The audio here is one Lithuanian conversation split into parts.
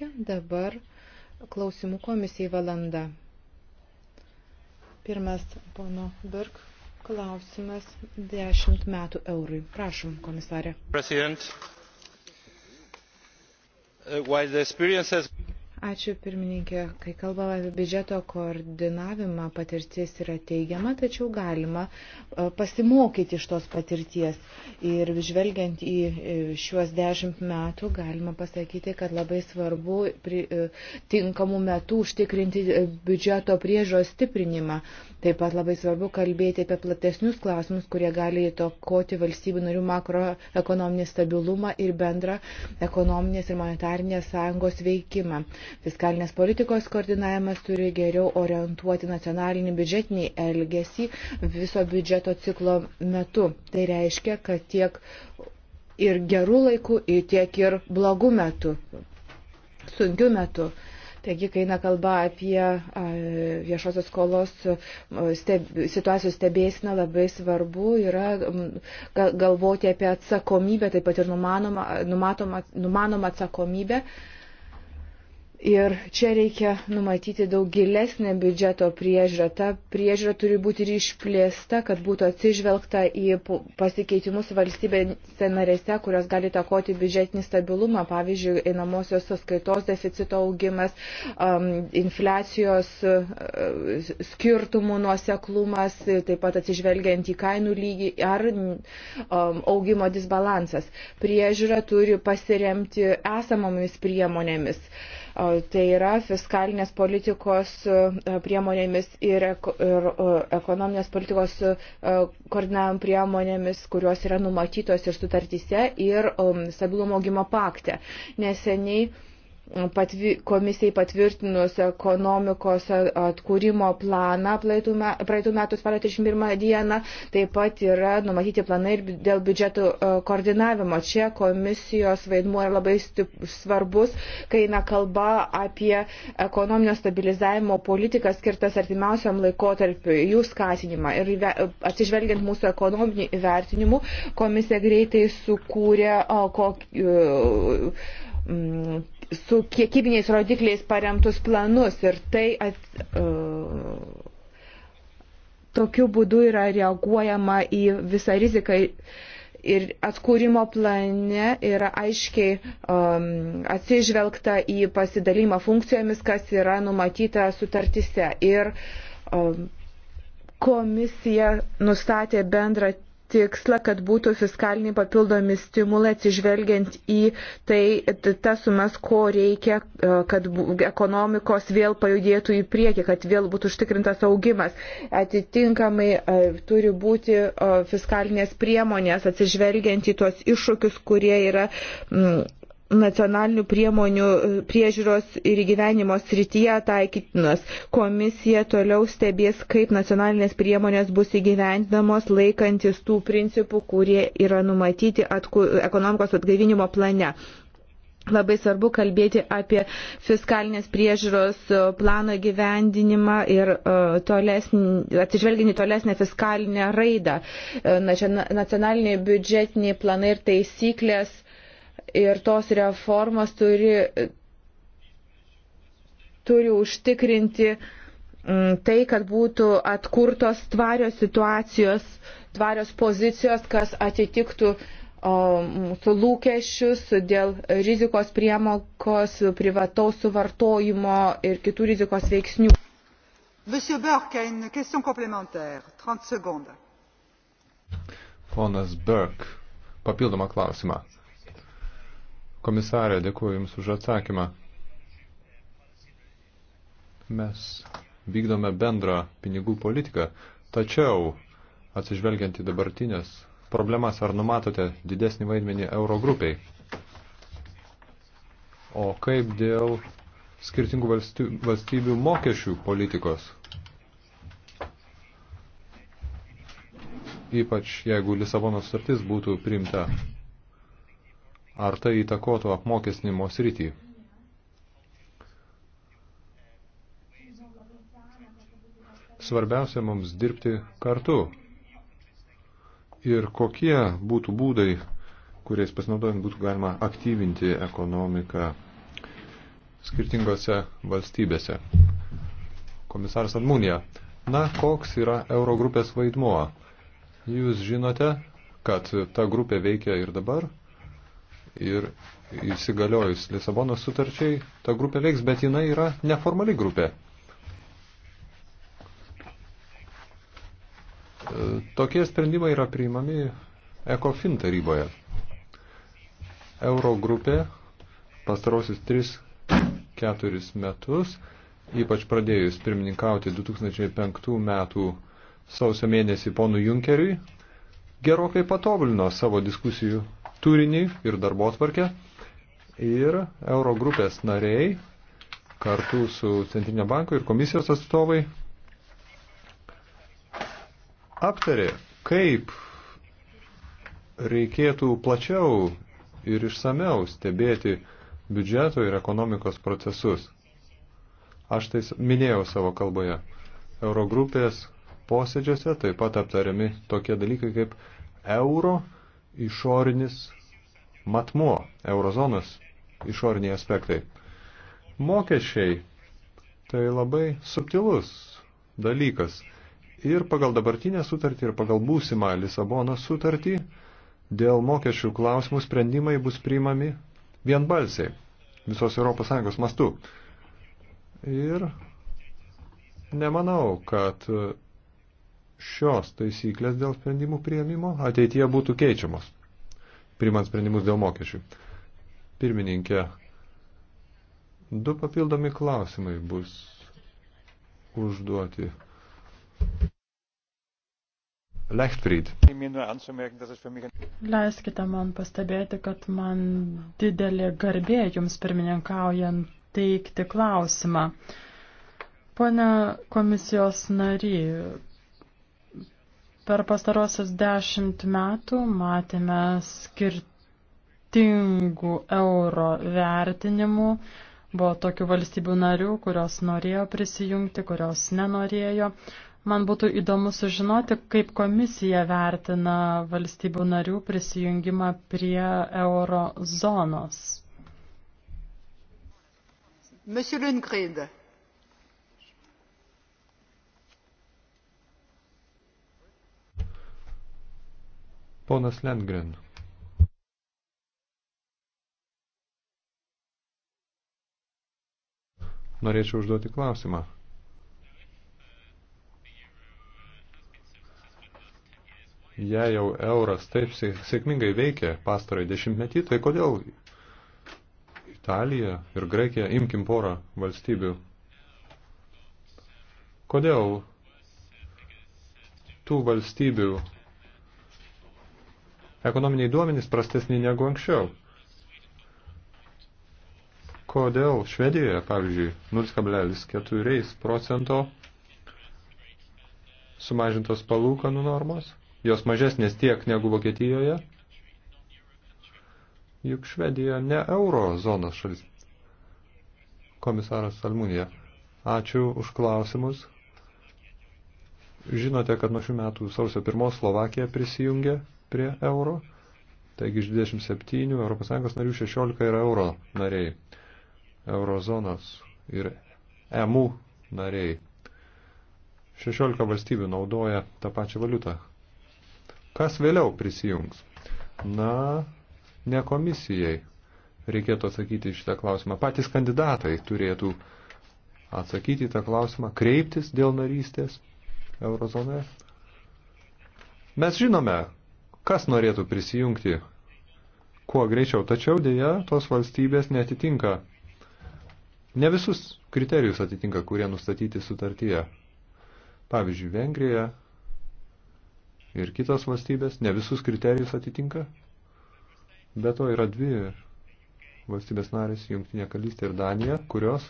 pirmininkė. Dabar klausimų komisijai valanda. Pirmas pono Birk klausimas 10 metų eurui. Prašom, komisarė. President, uh, while the experiences Ačiū pirmininkė. Kai kalbame apie biudžeto koordinavimą, patirtis yra teigiama, tačiau galima e, pasimokyti iš tos patirties. Ir žvelgiant į e, šiuos dešimt metų, galima pasakyti, kad labai svarbu pri, e, tinkamų metų užtikrinti biudžeto priežos stiprinimą. Taip pat labai svarbu kalbėti apie platesnius klausimus, kurie gali įtokoti valstybių narių makroekonominį stabilumą ir bendrą ekonominės ir monetarinės sąjungos veikimą. Fiskalinės politikos koordinavimas turi geriau orientuoti nacionalinį biudžetinį elgesį viso biudžeto ciklo metu. Tai reiškia, kad tiek ir gerų laikų, tiek ir blogų metų, sunkių metų. Taigi, kai eina kalba apie viešosios skolos steb, situacijos stebėsiną, labai svarbu yra galvoti apie atsakomybę, taip pat ir numanoma, numatoma, numanoma atsakomybė. Uh, Ir čia reikia numatyti daug gilesnę biudžeto priežiūrą. Ta priežiūra turi būti ir išplėsta, kad būtų atsižvelgta į pasikeitimus valstybėse narėse, kurios gali takoti biudžetinį stabilumą, pavyzdžiui, einamosios sąskaitos deficito augimas, um, infliacijos uh, skirtumų nuoseklumas, taip pat atsižvelgiant į kainų lygį ar um, augimo disbalansas. Priežiūra turi pasiremti esamomis priemonėmis. Uh, tai yra fiskalinės politikos priemonėmis ir, ir ekonominės politikos koordinavimo priemonėmis, kurios yra numatytos ir sutartyse, ir stabilumo augimo pakte. Neseniai patvi, komisijai patvirtinus ekonomikos atkūrimo planą praeitų metų spalio 31 dieną, taip pat yra numatyti planai ir dėl biudžetų e, koordinavimo. Čia komisijos vaidmuo yra labai svarbus, kai eina kalba apie ekonominio stabilizavimo politiką skirtas artimiausiam laikotarpiu, jų skatinimą. Ir atsižvelgiant mūsų ekonominį įvertinimų, komisija greitai sukūrė o, kok, mm, su kiekybiniais rodikliais paremtus planus ir tai at, uh, tokiu būdu yra reaguojama į visą riziką ir atkūrimo plane yra aiškiai um, atsižvelgta į pasidalymą funkcijomis, kas yra numatyta sutartise. Ir um, komisija nustatė bendrą tikslą, kad būtų fiskaliniai papildomi stimulai atsižvelgiant į tai, tas sumas, ko reikia, e, kad ekonomikos vėl pajudėtų į priekį, kad vėl būtų užtikrintas augimas. Atitinkamai e, turi būti e, fiskalinės priemonės atsižvelgiant į tuos iššūkius, kurie yra. Mm, nacionalinių priemonių e, priežiūros ir įgyvenimo srityje taikytinos. Komisija toliau stebės, kaip nacionalinės priemonės bus įgyvendinamos laikantis tų principų, kurie yra numatyti atku, ekonomikos atgaivinimo plane. Labai svarbu kalbėti apie fiskalinės priežiūros e, plano gyvendinimą ir e, atsižvelginį tolesnę fiskalinę raidą. Nacionaliniai biudžetiniai planai ir taisyklės ir tos reformos turi, turi užtikrinti mm, tai, kad būtų atkurtos tvarios situacijos, tvarios pozicijos, kas atitiktų mūsų lūkesčius dėl rizikos priemokos, privataus suvartojimo ir kitų rizikos veiksnių. Monsieur Burke a une question complémentaire, 30 secondes. Ponas Burke, papildomą klausimą. Komisarė, dėkuoju Jums už atsakymą. Mes vykdome bendrą pinigų politiką, tačiau atsižvelgiant į dabartinės problemas, ar numatote didesnį vaidmenį eurogrupiai? O kaip dėl skirtingų valstybių mokesčių politikos? Ypač jeigu Lisabono sutartis būtų priimta Ar tai įtakotų apmokestinimo sritį? Svarbiausia mums dirbti kartu. Ir kokie būtų būdai, kuriais pasinaudojant būtų galima aktyvinti ekonomiką skirtingose valstybėse. Komisaras Almūnija, na, koks yra Eurogrupės vaidmuo? Jūs žinote, kad ta grupė veikia ir dabar? ir įsigaliojus Lisabonos sutarčiai ta grupė veiks, bet jinai yra neformali grupė. E, tokie sprendimai yra priimami ECOFIN taryboje. Eurogrupė pastarosius 3-4 metus, ypač pradėjus pirmininkauti 2005 metų sausio mėnesį ponų Junkeriui, gerokai patobulino savo diskusijų turinį ir darbo tvarkę. Ir Eurogrupės nariai kartu su Centrinio banko ir komisijos atstovai aptarė, kaip reikėtų plačiau ir išsameu stebėti biudžeto ir ekonomikos procesus. Aš tai minėjau savo kalboje. Eurogrupės posėdžiuose taip pat aptariami tokie dalykai kaip euro išorinis matmuo, eurozonos išoriniai aspektai. Mokesčiai tai labai subtilus dalykas. Ir pagal dabartinę sutartį, ir pagal būsimą Lisabono sutartį dėl mokesčių klausimų sprendimai bus priimami vienbalsiai visos ES mastu. Ir nemanau, kad šios taisyklės dėl sprendimų prieimimo ateityje būtų keičiamos, priimant sprendimus dėl mokesčių. Pirmininkė, du papildomi klausimai bus užduoti. Lechtfried. Leiskite man pastebėti, kad man didelė garbė jums pirmininkaujant teikti klausimą. Pone komisijos nary, Per pastarosius dešimt metų matėme skirtingų euro vertinimų. Buvo tokių valstybių narių, kurios norėjo prisijungti, kurios nenorėjo. Man būtų įdomu sužinoti, kaip komisija vertina valstybių narių prisijungimą prie euro zonos. Monsieur Lundgren. Ponas Lengren. Norėčiau užduoti klausimą. Jei jau euras taip sėkmingai veikia pastarai dešimtmetį, tai kodėl Italija ir Graikija, imkim porą valstybių, kodėl tų valstybių ekonominiai duomenys prastesni negu anksčiau. Kodėl Švedijoje, pavyzdžiui, 0,4 procento sumažintos palūkanų normos, jos mažesnės tiek negu Vokietijoje, juk Švedija ne euro zonos šalis. Komisaras Almunija, ačiū už klausimus. Žinote, kad nuo šių metų sausio pirmos Slovakija prisijungė prie euro, taigi iš 27 ES narių 16 yra euro nariai, eurozonos ir EMU nariai. 16 valstybių naudoja tą pačią valiutą. Kas vėliau prisijungs? Na, ne komisijai reikėtų atsakyti šitą klausimą. Patys kandidatai turėtų atsakyti tą klausimą, kreiptis dėl narystės eurozonoje. Mes žinome, kas norėtų prisijungti kuo greičiau. Tačiau dėja, tos valstybės netitinka, ne visus kriterijus atitinka, kurie nustatyti sutartyje. Pavyzdžiui, Vengrija ir kitos valstybės ne visus kriterijus atitinka. Be to yra dvi valstybės narės, Jungtinė kalystė ir Danija, kurios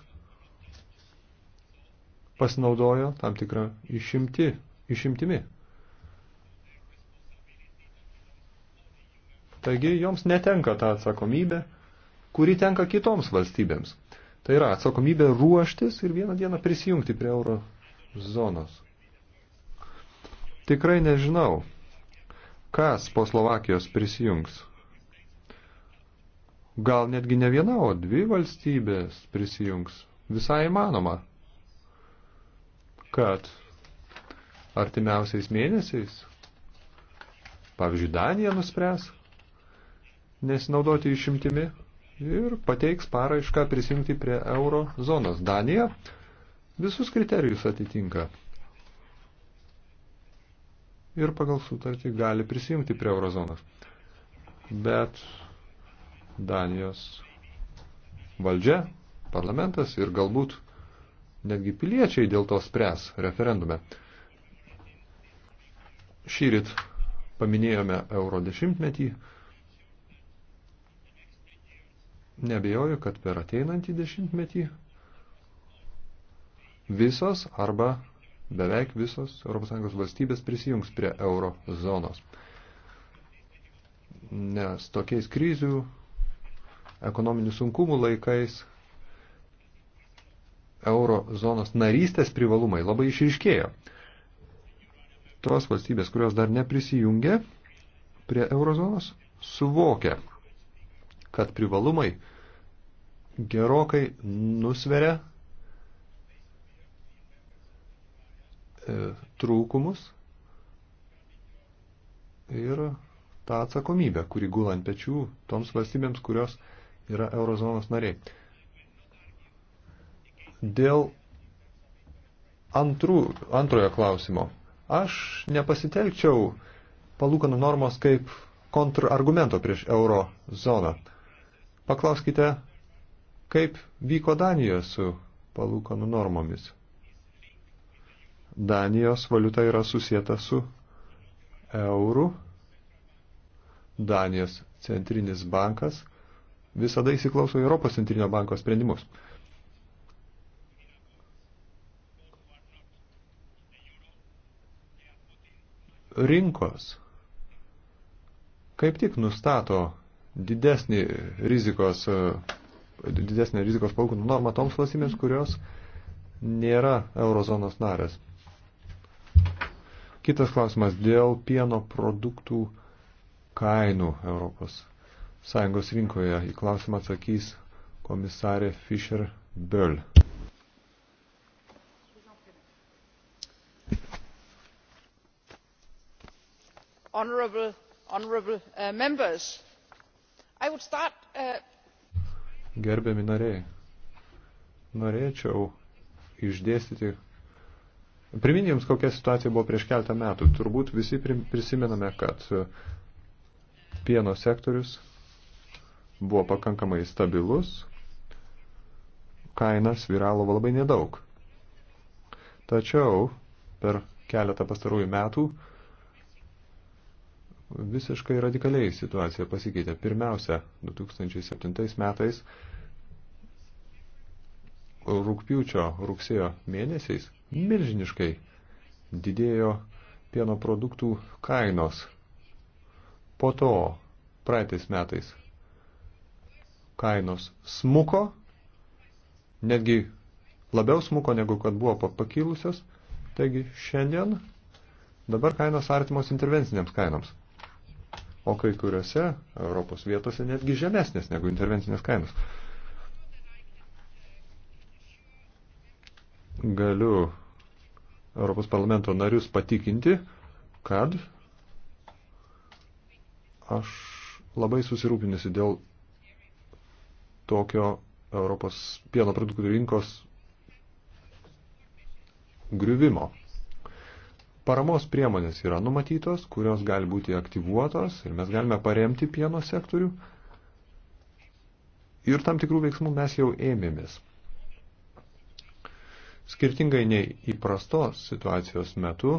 pasinaudojo tam tikrą išimti, išimtimi. Taigi joms netenka tą atsakomybę, kuri tenka kitoms valstybėms. Tai yra atsakomybė ruoštis ir vieną dieną prisijungti prie euro zonos. Tikrai nežinau, kas po Slovakijos prisijungs. Gal netgi ne viena, o dvi valstybės prisijungs. Visai įmanoma, kad artimiausiais mėnesiais, pavyzdžiui, Danija nuspręs, nesinaudoti išimtimi ir pateiks paraišką prisijungti prie euro zonos. Danija visus kriterijus atitinka ir pagal sutartį gali prisijungti prie euro zonos. Bet Danijos valdžia, parlamentas ir galbūt netgi piliečiai dėl to spręs referendume. Šyrit paminėjome euro dešimtmetį. Nebejoju, kad per ateinantį dešimtmetį visos arba beveik visos ES valstybės prisijungs prie euro zonos. Nes tokiais krizių, ekonominių sunkumų laikais euro zonos narystės privalumai labai išriškėjo. Tos valstybės, kurios dar neprisijungė prie eurozonos, suvokia, kad privalumai gerokai nusveria e, trūkumus ir tą atsakomybę, kuri gula ant pečių toms valstybėms, kurios yra eurozonos nariai. Dėl antrų, antrojo klausimo. Aš nepasitelkčiau palūkanų normos kaip kontrargumento prieš euro zoną. Paklauskite, kaip vyko Danija su palūkanų normomis. Danijos valiuta yra susieta su eurų. Danijos centrinis bankas visada įsiklauso Europos centrinio banko sprendimus. Rinkos kaip tik nustato didesnį rizikos, e, didesnį rizikos palūkanų normą toms valstybėms, kurios nėra eurozonos narės. Kitas klausimas dėl pieno produktų kainų Europos Sąjungos rinkoje. Į klausimą atsakys komisarė Fischer Böll. Honorable, honorable uh, members, Start, uh... Gerbiami nariai, norėčiau išdėstyti, priminti jums, kokia situacija buvo prieš keltą metų. Turbūt visi prisimename, kad pieno sektorius buvo pakankamai stabilus, kaina sviralo labai nedaug. Tačiau per keletą pastarųjų metų visiškai radikaliai situacija pasikeitė. Pirmiausia, 2007 metais rūpiučio rugsėjo mėnesiais milžiniškai didėjo pieno produktų kainos. Po to praeitais metais kainos smuko, netgi labiau smuko negu kad buvo pakilusios, taigi šiandien dabar kainos artimos intervenciniams kainoms o kai kuriuose Europos vietose netgi žemesnės negu intervencinės kainos. Galiu Europos parlamento narius patikinti, kad aš labai susirūpinęs dėl tokio Europos pieno produktų rinkos griuvimo. Paramos priemonės yra numatytos, kurios gali būti aktyvuotos ir mes galime paremti pieno sektorių. Ir tam tikrų veiksmų mes jau ėmėmės. Skirtingai nei įprastos situacijos metu,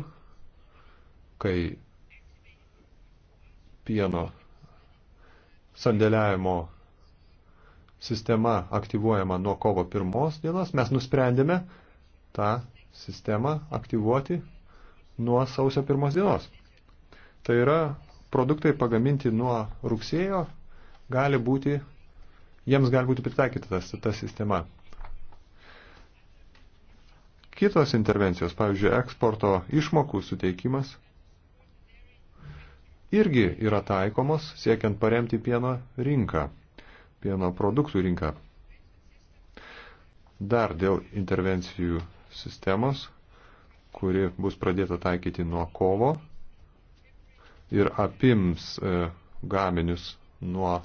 kai pieno sandėliavimo sistema aktyvuojama nuo kovo pirmos dienos, mes nusprendėme tą sistemą aktyvuoti nuo sausio pirmos dienos. Tai yra produktai pagaminti nuo rugsėjo gali būti, jiems gali būti pritaikyta tas, ta sistema. Kitos intervencijos, pavyzdžiui, eksporto išmokų suteikimas, irgi yra taikomos siekiant paremti pieno rinką, pieno produktų rinką. Dar dėl intervencijų sistemos kuri bus pradėta taikyti nuo kovo ir apims e, gaminius nuo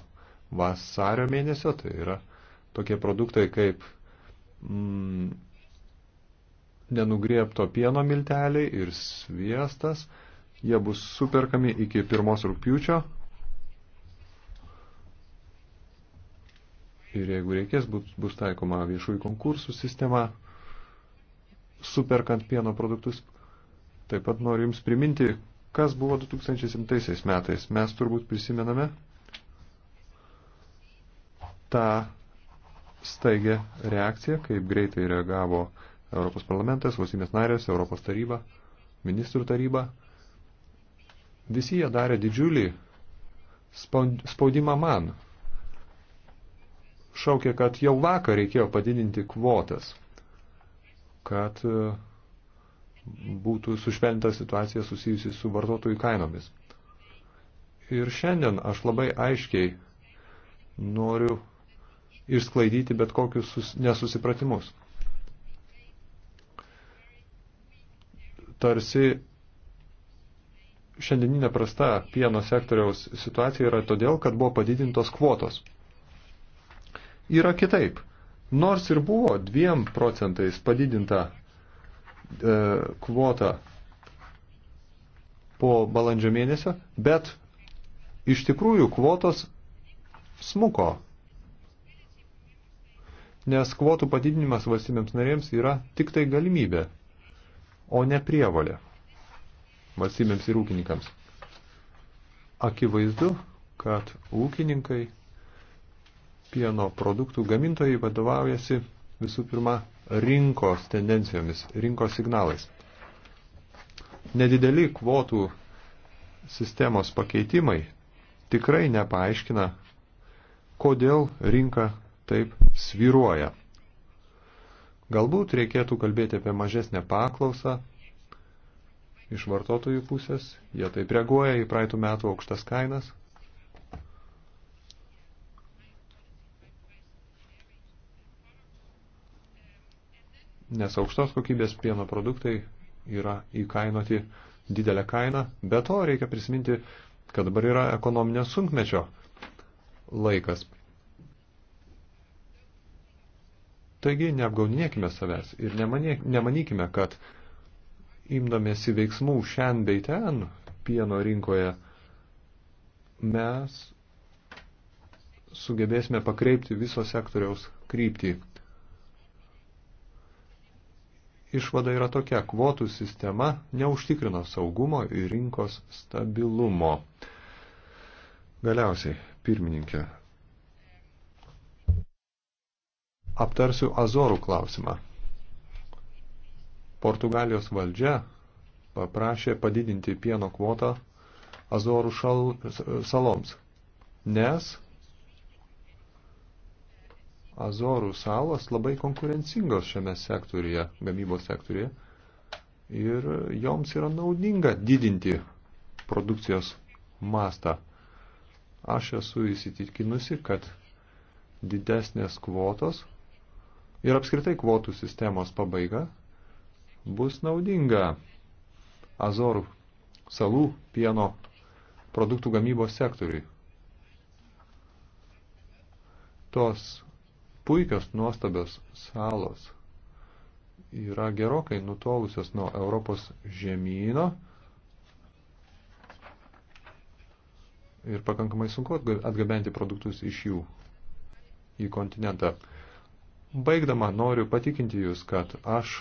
vasario mėnesio, tai yra tokie produktai kaip mm, nenugriepto pieno milteliai ir sviestas, jie bus superkami iki 1 rūpiučio ir jeigu reikės, bus, bus taikoma viešųjų konkursų sistema superkant pieno produktus. Taip pat noriu Jums priminti, kas buvo 2007 metais. Mes turbūt prisimename tą staigę reakciją, kaip greitai reagavo Europos parlamentas, valstybės narės, Europos taryba, ministrų taryba. Visi jie darė didžiulį spaudimą man. Šaukė, kad jau vakar reikėjo padidinti kvotas kad e, būtų sušvelninta situacija susijusi su vartotojų kainomis. Ir šiandien aš labai aiškiai noriu išsklaidyti bet kokius nesusipratimus. Tarsi šiandieninė prasta pieno sektoriaus situacija yra todėl, kad buvo padidintos kvotos. Yra kitaip. Nors ir buvo 2 procentais padidinta e, kvota po balandžio mėnesio, bet iš tikrųjų kvotos smuko. Nes kvotų padidinimas valstybėms narėms yra tik tai galimybė, o ne prievalė valstybėms ir ūkininkams. Akivaizdu, kad ūkininkai pieno produktų gamintojai vadovaujasi visų pirma rinkos tendencijomis, rinkos signalais. Nedideli kvotų sistemos pakeitimai tikrai nepaaiškina, kodėl rinka taip sviruoja. Galbūt reikėtų kalbėti apie mažesnę paklausą iš vartotojų pusės, jie taip reaguoja į praeitų metų aukštas kainas – nes aukštos kokybės pieno produktai yra įkainoti didelę kainą. Be to reikia prisiminti, kad dabar yra ekonominio sunkmečio laikas. Taigi neapgaudinėkime savęs ir nemanykime, kad imdamėsi veiksmų šiandien bei ten pieno rinkoje mes sugebėsime pakreipti viso sektoriaus kryptį. Išvada yra tokia, kvotų sistema neužtikrino saugumo ir rinkos stabilumo. Galiausiai, pirmininkė, aptarsiu Azorų klausimą. Portugalijos valdžia paprašė padidinti pieno kvotą Azorų šal, saloms, nes Azorų salos labai konkurencingos šiame sektoriuje, gamybos sektoriuje. Ir joms yra naudinga didinti produkcijos mastą. Aš esu įsitikinusi, kad didesnės kvotos ir apskritai kvotų sistemos pabaiga bus naudinga Azorų salų pieno produktų gamybos sektoriui. Tos puikios nuostabios salos yra gerokai nutolusios nuo Europos žemyno ir pakankamai sunku atgabenti produktus iš jų į kontinentą. Baigdama noriu patikinti Jūs, kad aš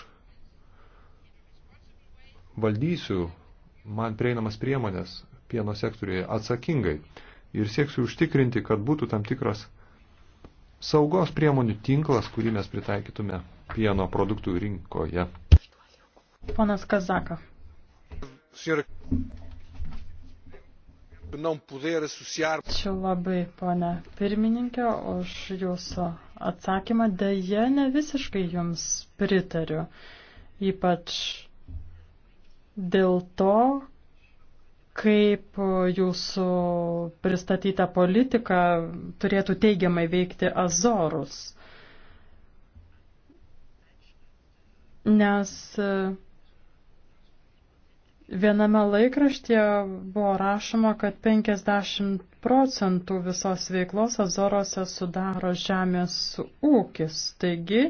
valdysiu man prieinamas priemonės pieno sektoriuje atsakingai ir sieksiu užtikrinti, kad būtų tam tikras saugos priemonių tinklas, kurį mes pritaikytume pieno produktų rinkoje. Ponas Kazaka. Ačiū labai, ponė pirmininkė, už jūsų atsakymą. Deja, ne visiškai jums pritariu. Ypač dėl to, kaip jūsų pristatyta politika turėtų teigiamai veikti Azorus. Nes e, viename laikraštyje buvo rašoma, kad 50 procentų visos veiklos Azorose sudaro žemės ūkis. Taigi,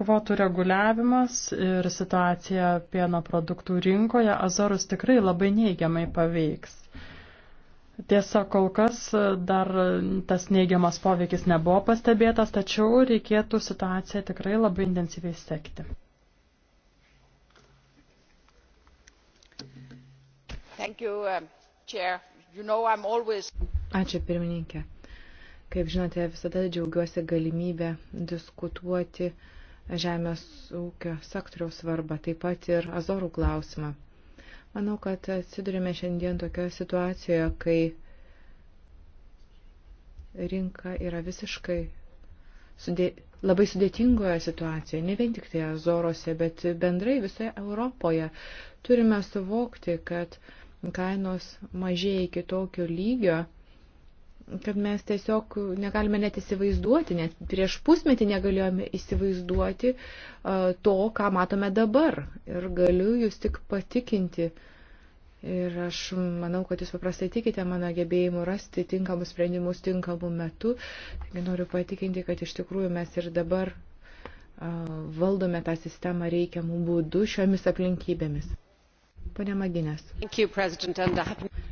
Kvotų reguliavimas ir situacija pieno produktų rinkoje Azorus tikrai labai neigiamai paveiks. Tiesa, kol kas dar tas neigiamas poveikis nebuvo pastebėtas, tačiau reikėtų situaciją tikrai labai intensyviai sekti. Thank you, um, chair. You know I'm always... Ačiū pirmininkė. Kaip žinote, visada džiaugiuosi galimybę diskutuoti uh, žemės ūkio sektoriaus svarbą, taip pat ir azorų klausimą. Manau, kad atsidurime šiandien tokioje situacijoje, kai rinka yra visiškai sudė... labai sudėtingoje situacijoje, ne vien tik tai azorose, bet bendrai visoje Europoje. Turime suvokti, kad kainos mažėja iki tokio lygio, kad mes tiesiog negalime net įsivaizduoti, net prieš pusmetį negalėjome įsivaizduoti to, ką matome dabar. Ir galiu jūs tik patikinti. Ir aš manau, kad jūs paprastai tikite mano gebėjimu rasti tinkamus sprendimus tinkamu metu. Taigi noriu patikinti, kad iš tikrųjų mes ir dabar valdome tą sistemą reikiamų būdų šiomis aplinkybėmis. Pone Maginės. Thank you,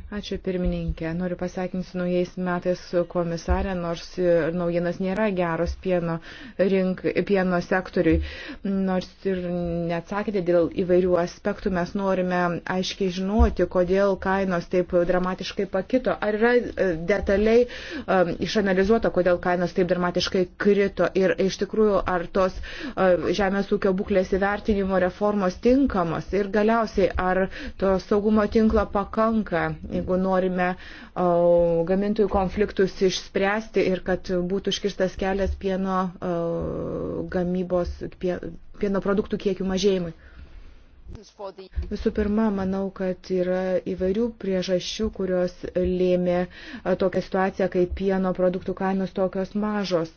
Ačiū pirmininkė. Noriu pasakyti su naujais metais komisarė, nors naujienas nėra geros pieno, rink, pieno sektoriui. Nors ir neatsakėte dėl įvairių aspektų, mes norime aiškiai žinoti, kodėl kainos taip dramatiškai pakito. Ar yra e, detaliai um, išanalizuota, kodėl kainos taip dramatiškai krito ir iš tikrųjų ar tos uh, žemės ūkio būklės įvertinimo reformos tinkamos ir galiausiai ar to saugumo tinklo pakanka jeigu norime gamintojų konfliktus išspręsti ir kad būtų užkirstas kelias pieno gamybos, pieno produktų kiekių mažėjimui. Visų pirma, manau, kad yra įvairių priežasčių, kurios lėmė tokią situaciją, kai pieno produktų kainos tokios mažos.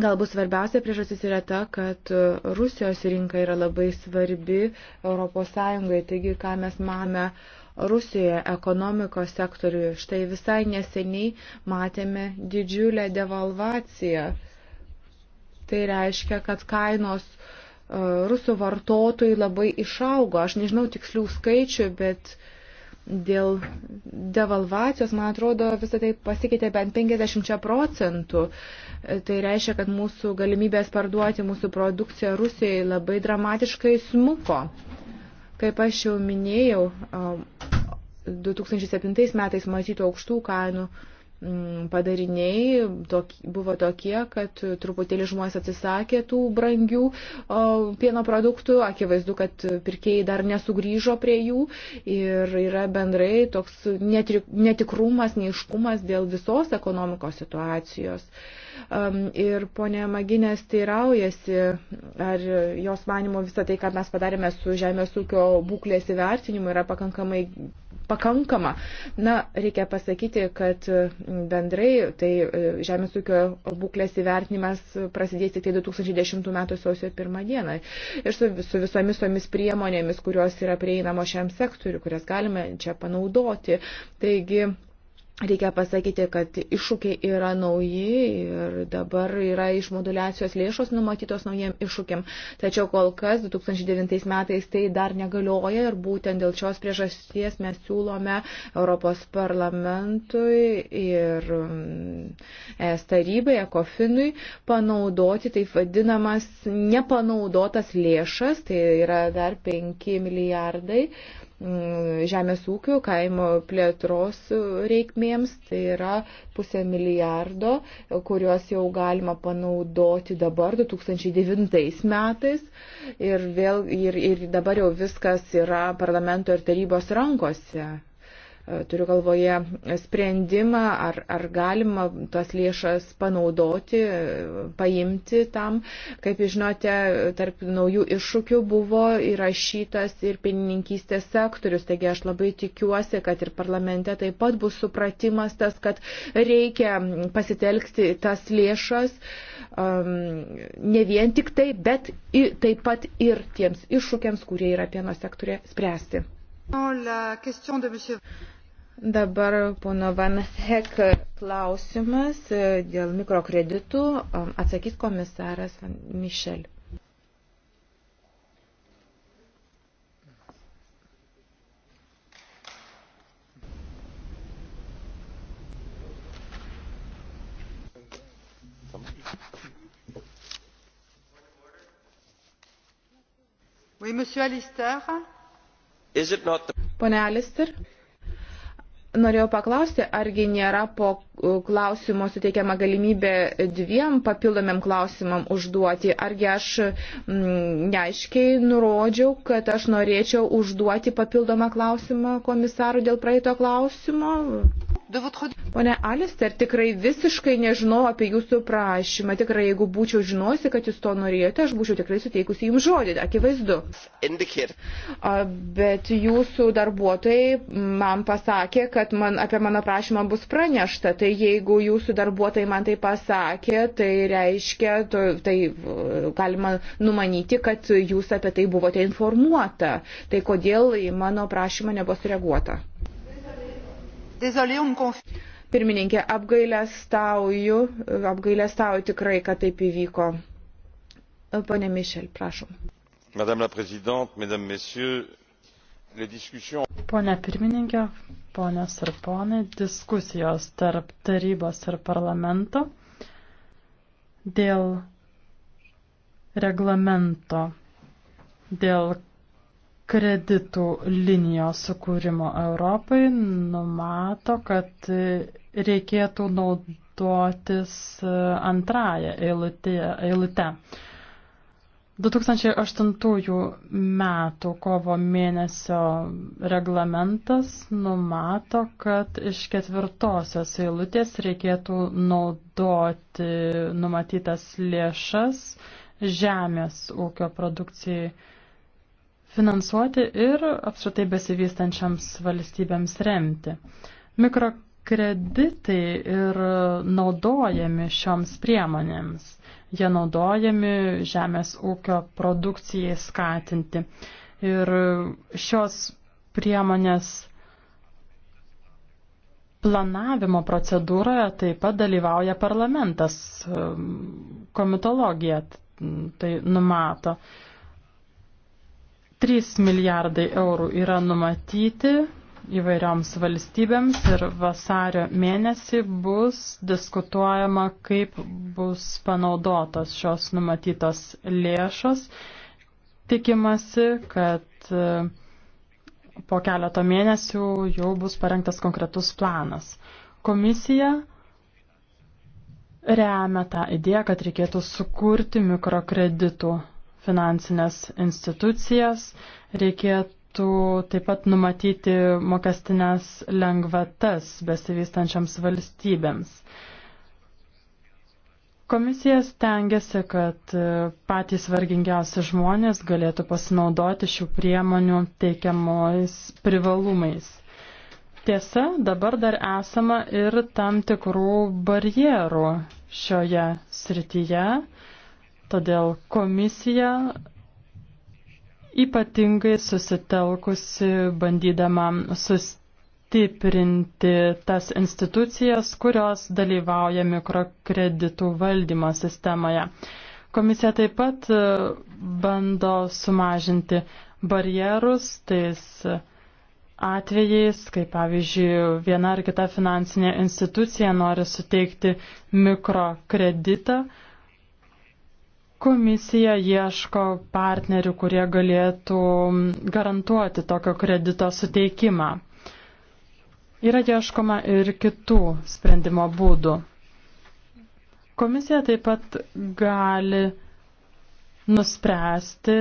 Galbūt svarbiausia priežastis yra ta, kad Rusijos rinka yra labai svarbi ES, taigi ką mes mame uh, Rusijoje ekonomikos sektoriuje. Štai visai neseniai matėme didžiulę devalvaciją. Tai reiškia, kad kainos e, rusų vartotojai labai išaugo. Aš nežinau tikslių skaičių, bet dėl devalvacijos, man atrodo, visą tai pasikeitė bent 50 procentų. E, tai reiškia, kad mūsų galimybės parduoti mūsų produkciją Rusijai labai dramatiškai smuko. Kaip aš jau minėjau, 2007 metais matytų aukštų kainų mm, padariniai buvo tokie, kad truputėlį žmonės atsisakė tų brangių pieno produktų, akivaizdu, kad pirkėjai dar nesugrįžo prie jų ir yra bendrai toks netikrumas, neiškumas dėl visos ekonomikos situacijos. Uh, Ir ponė Maginės teiraujasi, ar jos manimo visą tai, ką mes padarėme su žemės ūkio būklės įvertinimu, yra pakankamai pakankama. Na, reikia pasakyti, kad bendrai tai e, žemės ūkio būklės įvertinimas prasidės tik tai 2010 m. sausio 1 dieną. Ir su, su visomis tomis priemonėmis, kurios yra prieinamo šiam sektoriu, kurias galime čia panaudoti. Taigi, Reikia pasakyti, kad iššūkiai yra nauji ir dabar yra iš moduliacijos lėšos numatytos naujiem iššūkiam. Tačiau kol kas 2009 metais tai dar negalioja ir būtent dėl šios priežasties mes siūlome Europos parlamentui ir mm, ES tarybai, ekofinui panaudoti taip vadinamas nepanaudotas lėšas, tai yra dar 5 milijardai Mm, žemės ūkių, kaimo plėtros reikmėms, tai yra pusė milijardo, kuriuos jau galima panaudoti dabar 2009 metais ir, vėl, ir, ir dabar jau viskas yra parlamento ir tarybos rankose. E, turiu galvoje sprendimą, ar, ar galima tas lėšas panaudoti, e, paimti tam. Kaip žinote, tarp naujų iššūkių buvo įrašytas ir pienininkystės sektorius, taigi aš labai tikiuosi, kad ir parlamente taip pat bus supratimas tas, kad reikia pasitelkti tas lėšas um, ne vien tik tai, bet i, taip pat ir tiems iššūkiams, kurie yra pieno sektorė, spręsti. La question de monsieur... Dabar pono Van Hek klausimas e, dėl mikrokreditų e, atsakys komisaras Mišel. Oui, monsieur Alistair. Is it not the... Pone Alistair. Norėjau paklausti, argi nėra po klausimo suteikiama galimybė dviem papildomiam klausimam užduoti, argi aš mm, neaiškiai nurodžiau, kad aš norėčiau užduoti papildomą klausimą komisarų dėl praeito klausimo. Pone Alister, tikrai visiškai nežinau apie jūsų prašymą. Tikrai, jeigu būčiau žinojusi, kad jūs to norėjote, aš būčiau tikrai suteikusi jums žodį, akivaizdu. Bet jūsų darbuotojai man pasakė, kad man, apie mano prašymą bus pranešta. Tai jeigu jūsų darbuotojai man tai pasakė, tai reiškia, tai galima numanyti, kad jūs apie tai buvote informuota. Tai kodėl į mano prašymą nebuvo sureaguota? Pirmininkė, apgailestauju, apgailestauju tikrai, kad taip įvyko. Pane Mišel, prašom. Madame la Présidente, Mesdames, Messieurs, les discussions. Pone pirmininkė, ponios ir ponai, diskusijos tarp tarybos ir parlamento dėl reglamento, dėl kreditų linijos sukūrimo Europai numato, kad reikėtų naudotis antrąją eilutę. 2008 metų kovo mėnesio reglamentas numato, kad iš ketvirtosios eilutės reikėtų naudoti numatytas lėšas žemės ūkio produkcijai finansuoti ir apskritai besivystančiams valstybėms remti. Mikrokreditai ir naudojami šioms priemonėms. Jie naudojami žemės ūkio produkcijai skatinti. Ir šios priemonės planavimo procedūroje taip pat dalyvauja parlamentas, komitologija tai numato. 3 milijardai eurų yra numatyti įvairioms valstybėms ir vasario mėnesį bus diskutuojama, kaip bus panaudotos šios numatytos lėšos. Tikimasi, kad e, po keleto mėnesių jau bus parengtas konkretus planas. Komisija remia tą idėją, kad reikėtų sukurti mikrokreditų finansinės institucijas, reikėtų reikėtų taip pat numatyti mokestinės lengvatas besivystančiams valstybėms. Komisija stengiasi, kad patys vargingiausi žmonės galėtų pasinaudoti šių priemonių teikiamojais privalumais. Tiesa, dabar dar esama ir tam tikrų barjerų šioje srityje. Todėl komisija ypatingai susitelkusi bandydama sustiprinti tas institucijas, kurios dalyvauja mikrokreditų valdymo sistemoje. Komisija taip pat e, bando sumažinti barjerus tais atvejais, kai pavyzdžiui viena ar kita finansinė institucija nori suteikti mikrokreditą Komisija ieško partnerių, kurie galėtų garantuoti tokio kredito suteikimą. Yra ieškoma ir kitų sprendimo būdų. Komisija taip pat gali nuspręsti,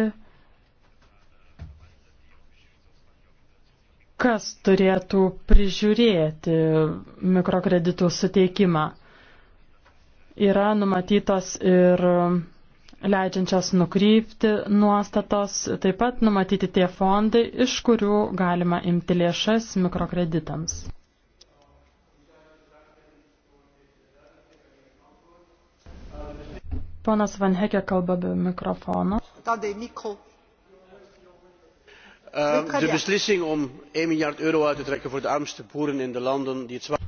kas turėtų prižiūrėti mikrokreditų suteikimą. Yra numatytos ir leidžiančios nukrypti nuostatos, taip pat numatyti tie fondai, iš kurių galima imti lėšas mikrokreditams. Ponas Van Hekė kalba be mikrofono. Eh, de beslissing om 1 miljard euro uit te trekken voor de armste boeren in de landen die het zwaar.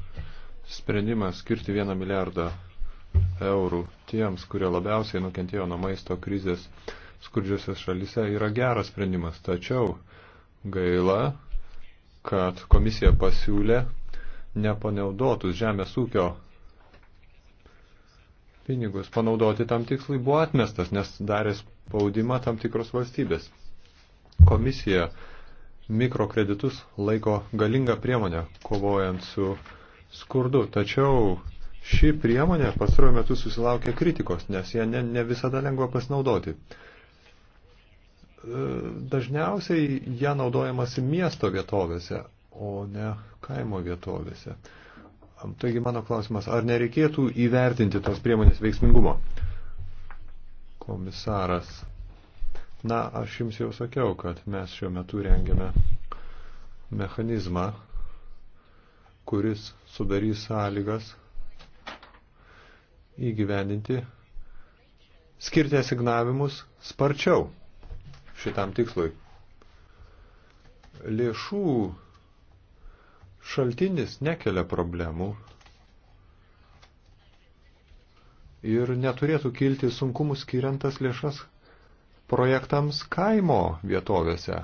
Sprendimas skirti 1 milijardą eurų tiems, kurie labiausiai nukentėjo nuo maisto krizės skurdžiuose šalise, yra geras sprendimas. Tačiau gaila, kad komisija pasiūlė nepanaudotus žemės ūkio pinigus panaudoti tam tikslai buvo atmestas, nes darė spaudimą tam tikros valstybės. Komisija mikrokreditus laiko galingą priemonę kovojant su skurdu, tačiau Ši priemonė pastaruoju metu susilaukia kritikos, nes ją ne, ne visada lengva pasinaudoti. E, dažniausiai ją naudojamasi miesto vietovėse, o ne kaimo vietovėse. Taigi mano klausimas, ar nereikėtų įvertinti tos priemonės veiksmingumo? Komisaras. Na, aš jums jau sakiau, kad mes šiuo metu rengiame mechanizmą, kuris sudarys sąlygas įgyveninti, skirti asignavimus sparčiau šitam tikslui. Lėšų šaltinis nekelia problemų ir neturėtų kilti sunkumų skiriantas lėšas projektams kaimo vietovėse.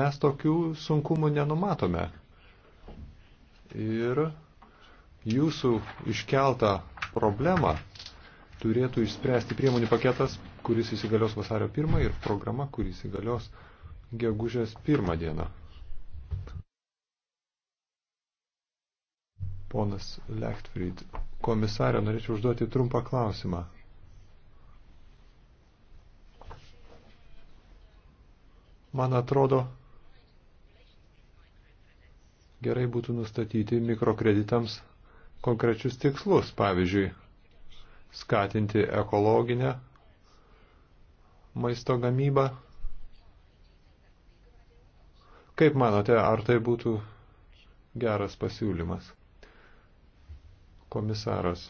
Mes tokių sunkumų nenumatome. Ir jūsų iškeltą problemą turėtų išspręsti priemonių paketas, kuris įsigalios vasario 1 ir programa, kuris įsigalios gegužės 1 dieną. Ponas Lechtfried, komisarė, norėčiau užduoti trumpą klausimą. Man atrodo, gerai būtų nustatyti mikrokreditams konkrečius tikslus, pavyzdžiui, skatinti ekologinę maisto gamybą. Kaip manote, ar tai būtų geras pasiūlymas? Komisaras.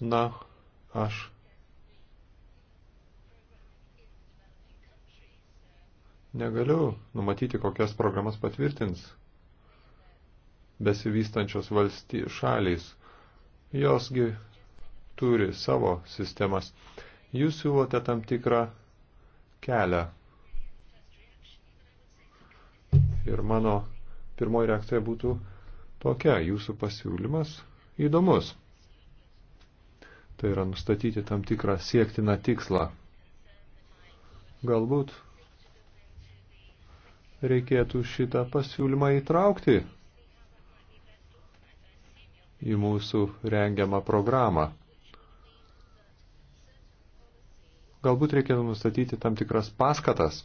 Na, aš Negaliu numatyti, kokias programas patvirtins besivystančios valsty šalys. Josgi turi savo sistemas. Jūs siūlote tam tikrą kelią. Ir mano pirmoji reakcija būtų tokia. Jūsų pasiūlymas įdomus. Tai yra nustatyti tam tikrą siektiną tikslą. Galbūt reikėtų šitą pasiūlymą įtraukti į mūsų rengiamą programą. Galbūt reikėtų nustatyti tam tikras paskatas.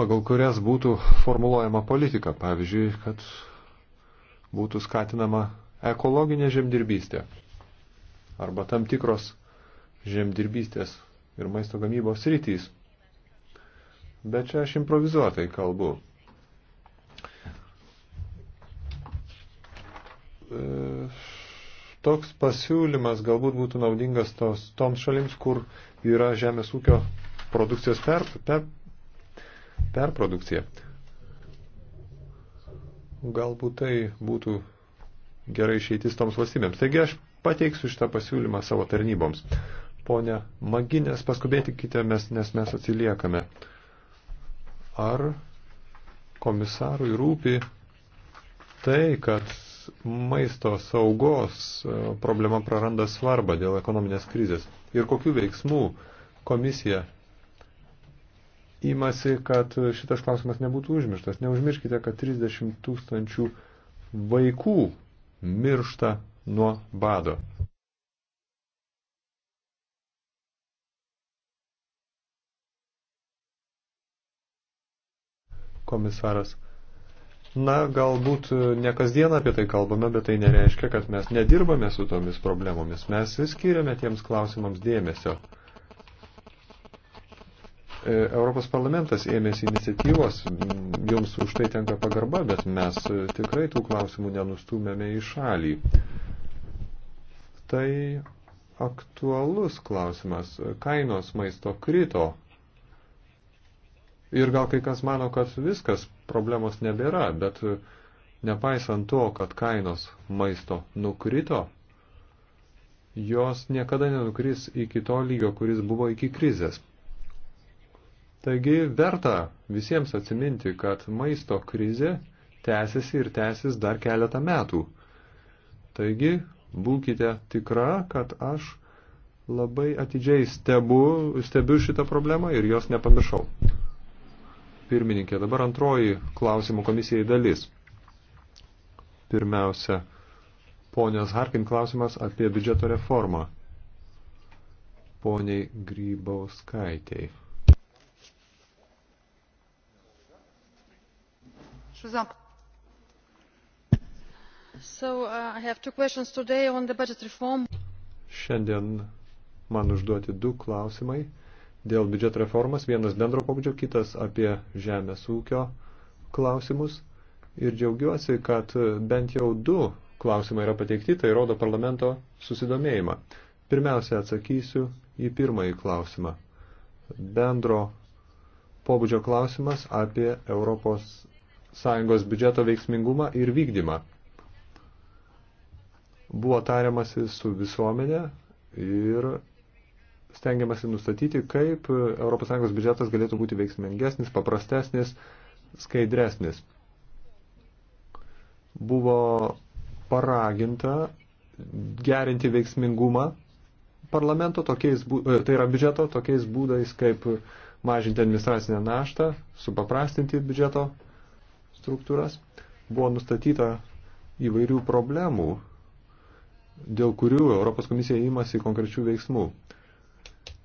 pagal kurias būtų formuluojama politika, pavyzdžiui, kad būtų skatinama ekologinė žemdirbystė arba tam tikros žemdirbystės ir maisto gamybos rytys. Bet čia aš improvizuotai kalbu. E, toks pasiūlymas galbūt būtų naudingas tos, toms šalims, kur yra žemės ūkio produkcijos per, per, perprodukcija. Galbūt tai būtų gerai išeitis toms valstybėms. Taigi aš pateiksiu šitą pasiūlymą savo tarnyboms ponė Maginės, paskubėtikite, mes, nes mes atsiliekame. Ar komisarui rūpi tai, kad maisto saugos e, problema praranda svarbą dėl ekonominės krizės ir kokių veiksmų komisija įmasi, kad šitas klausimas nebūtų užmirštas. Neužmirškite, kad 30 tūkstančių vaikų miršta nuo bado. komisaras. Na, galbūt e, ne kasdien apie tai kalbame, bet tai nereiškia, kad mes nedirbame su tomis problemomis. Mes vis skiriame tiems klausimams dėmesio. E, Europos parlamentas ėmėsi iniciatyvos, jums už tai tenka pagarba, bet mes e, tikrai tų klausimų nenustumėme į šalį. Tai aktualus klausimas. Kainos maisto krito Ir gal kai kas mano, kad viskas, problemos nebėra, bet e, nepaisant to, kad kainos maisto nukrito, jos niekada nenukris iki to lygio, kuris buvo iki krizės. Taigi verta visiems atsiminti, kad maisto krizė tęsiasi ir tęsis dar keletą metų. Taigi būkite tikra, kad aš labai atidžiai stebu, stebiu šitą problemą ir jos nepamiršau pirmininkė. Dabar antroji klausimų komisijai dalis. Pirmiausia, ponios Harkin klausimas apie biudžeto reformą. Poniai Grybauskaitei. So, uh, Šiandien man užduoti du klausimai dėl biudžeto reformos, vienas bendro pobūdžio, kitas apie žemės ūkio klausimus. Ir džiaugiuosi, kad bent jau du klausimai yra pateikti, tai rodo parlamento susidomėjimą. Pirmiausia, atsakysiu į pirmąjį klausimą. Bendro pobūdžio klausimas apie Europos Sąjungos biudžeto veiksmingumą ir vykdymą. Buvo tariamasi su visuomenė ir stengiamasi nustatyti, kaip ES biudžetas galėtų būti veiksmingesnis, paprastesnis, skaidresnis. Buvo paraginta gerinti veiksmingumą parlamento, tokiais, e, tai yra biudžeto, tokiais būdais, kaip mažinti administracinę naštą, supaprastinti biudžeto struktūras. Buvo nustatyta įvairių problemų, dėl kurių Europos komisija įmasi konkrečių veiksmų.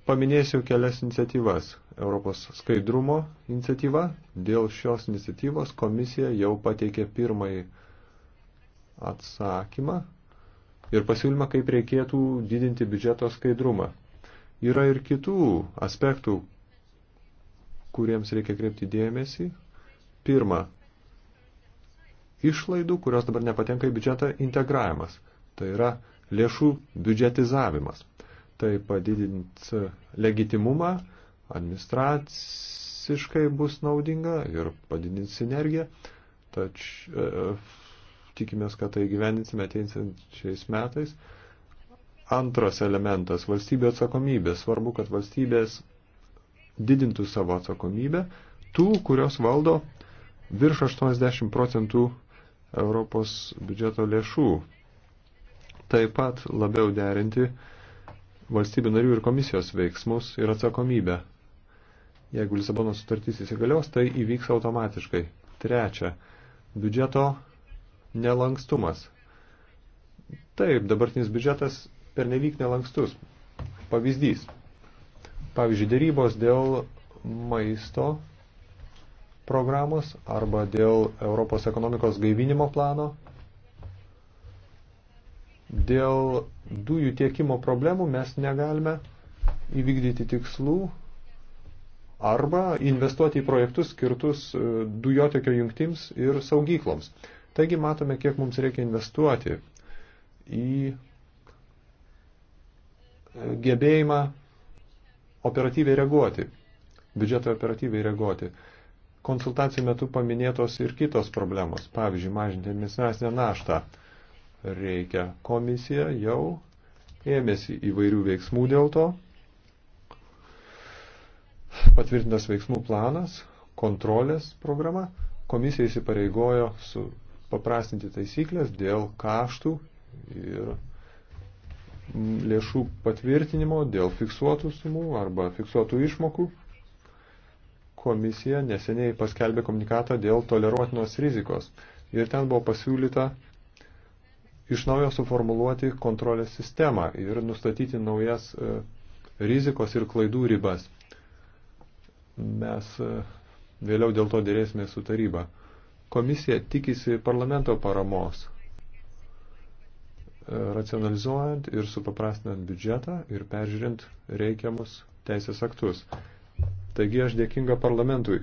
Paminėsiu kelias iniciatyvas. Europos skaidrumo iniciatyva. Dėl šios iniciatyvos komisija jau pateikė pirmąjį atsakymą ir pasiūlymą, kaip reikėtų didinti biudžeto skaidrumą. Yra ir kitų aspektų, kuriems reikia kreipti dėmesį. Pirma, išlaidų, kurios dabar nepatenka į biudžetą, integravimas. Tai yra lėšų biudžetizavimas tai padidint legitimumą, administraciškai bus naudinga ir padidint sinergiją. Tač, e, tikimės, kad tai gyvendinsime ateinsiančiais metais. Antras elementas - valstybė atsakomybė. Svarbu, kad valstybės didintų savo atsakomybę tų, kurios valdo virš 80 procentų Europos biudžeto lėšų. Taip pat labiau derinti uh, valstybių narių ir komisijos veiksmus ir atsakomybę. Jeigu Lisabonos sutartys įsigalios, tai įvyks automatiškai. Trečia, biudžeto nelankstumas. Taip, dabartinis biudžetas pernelyg nelankstus. Pavyzdys. Pavyzdžiui, dėrybos dėl maisto programos arba dėl Europos ekonomikos gaivinimo plano Dėl dujų tiekimo problemų mes negalime įvykdyti tikslų arba investuoti į projektus skirtus e, dujotekio jungtims ir saugykloms. Taigi matome, kiek mums reikia investuoti į e, gebėjimą operatyviai reaguoti, biudžeto operatyviai reaguoti. Konsultacijų metu paminėtos ir kitos problemos, pavyzdžiui, mažinti administracinę naštą reikia. Komisija jau ėmėsi įvairių veiksmų dėl to. Patvirtintas veiksmų planas, kontrolės programa. Komisija įsipareigojo su paprastinti taisyklės dėl kaštų ir lėšų patvirtinimo, dėl fiksuotų sumų arba fiksuotų išmokų. Komisija neseniai paskelbė komunikatą dėl toleruotinos rizikos ir ten buvo pasiūlyta iš naujo suformuluoti kontrolės sistemą ir nustatyti naujas e, rizikos ir klaidų ribas. Mes e, vėliau dėl to dėrėsime su taryba. Komisija tikisi parlamento paramos, e, racionalizuojant ir supaprastinant biudžetą ir peržiūrint reikiamus teisės aktus. Taigi aš dėkinga parlamentui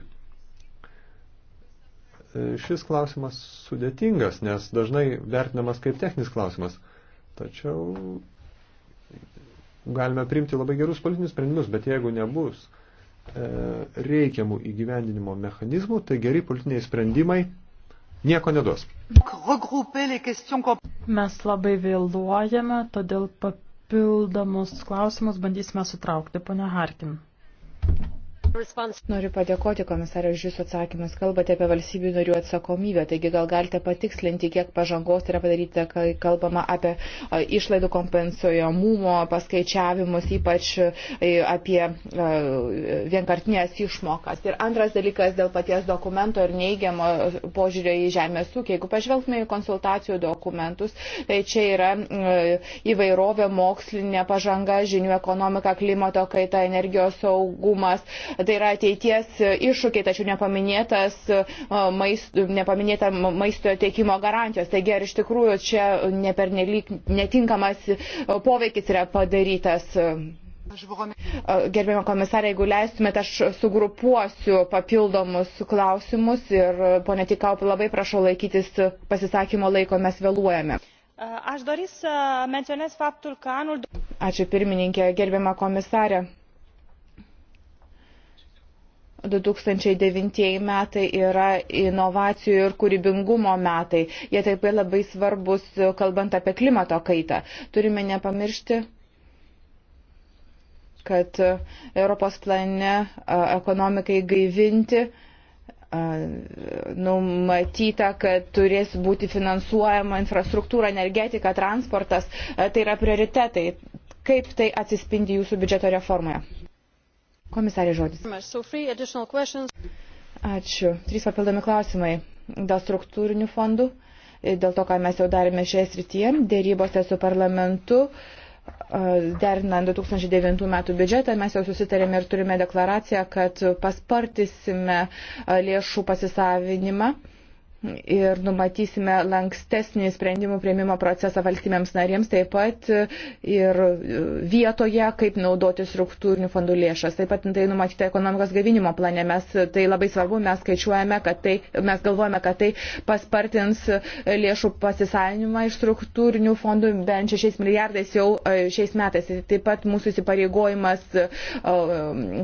šis klausimas sudėtingas, nes dažnai vertinamas kaip techninis klausimas. Tačiau galime priimti labai gerus politinius sprendimus, bet jeigu nebus e, reikiamų įgyvendinimo mechanizmų, tai geri politiniai sprendimai nieko neduos. Mes labai vėluojame, todėl papildomus klausimus bandysime sutraukti, ponia Harkin. Noriu padėkoti komisarė už Jūsų atsakymus. Kalbate apie valstybių narių atsakomybę, taigi gal galite patikslinti, kiek pažangos yra padaryta, kai kalbama apie išlaidų kompensuojamumo paskaičiavimus, ypač apie vienkartinės išmokas. Ir antras dalykas dėl paties dokumento ir neigiamo požiūrio į žemės ūkį. Jeigu pažvelgtume į konsultacijų dokumentus, tai čia yra įvairovė, mokslinė pažanga, žinių ekonomika, klimato kaita, energijos saugumas, tai yra ateities iššūkiai, tačiau nepaminėtas e, maisto, nepaminėta maisto tiekimo garantijos. Taigi ar iš tikrųjų čia nepernelyg netinkamas e, poveikis yra padarytas? E, Gerbėme komisarė, jeigu leistumėte, aš sugrupuosiu papildomus klausimus ir ponė Tikau, labai prašau laikytis pasisakymo laiko, mes vėluojame. Aš dori să menționez faptul că anul... Ačiū pirmininkė, gerbėma komisarė. 2009 metai yra inovacijų ir kūrybingumo metai. Jie taip pat labai svarbus, kalbant apie klimato kaitą. Turime nepamiršti, kad Europos plane ekonomikai gaivinti numatyta, kad turės būti finansuojama infrastruktūra, energetika, transportas. Tai yra prioritetai. Kaip tai atsispindi jūsų biudžeto reformoje? Komisarė žodis. Ačiū. Trys papildomi klausimai dėl struktūrinių fondų, e, dėl to, ką mes jau darėme šioje srityje, dėrybose su parlamentu. E, derinant 2009 metų biudžetą mes jau susitarėme ir turime deklaraciją, kad paspartysime e, lėšų pasisavinimą ir numatysime lankstesnį sprendimų prieimimo procesą valstybėms narėms, taip pat ir vietoje, kaip naudoti struktūrinių fondų lėšas. Taip pat tai numatyta ekonomikos gavinimo plane. Mes tai labai svarbu, mes skaičiuojame, kad tai, mes galvojame, kad tai paspartins lėšų pasisavinimą iš struktūrinių fondų bent 6 milijardais jau e, šiais metais. Taip pat mūsų įsipareigojimas e,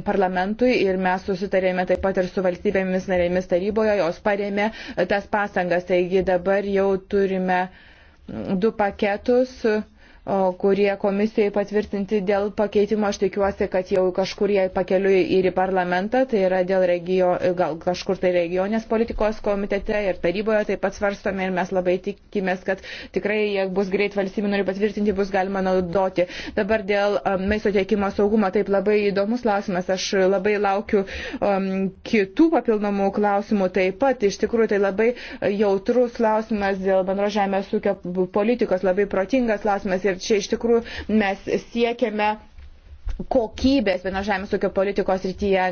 parlamentui ir mes susitarėme taip pat ir su valstybėmis narėmis taryboje, jos parėmė tas pastangas. Taigi dabar jau turime du paketus. Uh, kurie komisijai patvirtinti dėl pakeitimo. Aš tikiuosi, kad jau kažkur jie pakeliui ir į parlamentą, tai yra dėl regio, gal kažkur tai regionės politikos komitete ir taryboje taip pat svarstome ir mes labai tikimės, kad tikrai jie bus greit valstybių nori patvirtinti, bus galima naudoti. Dabar dėl maisto tiekimo saugumo taip labai įdomus klausimas. Aš labai laukiu um, kitų papildomų klausimų taip pat. Iš tikrųjų, tai labai jautrus klausimas dėl bendro žemės ūkio politikos, labai protingas klausimas. Ir kad čia iš tikrųjų mes siekiame kokybės vieno žemės ūkio politikos rytyje,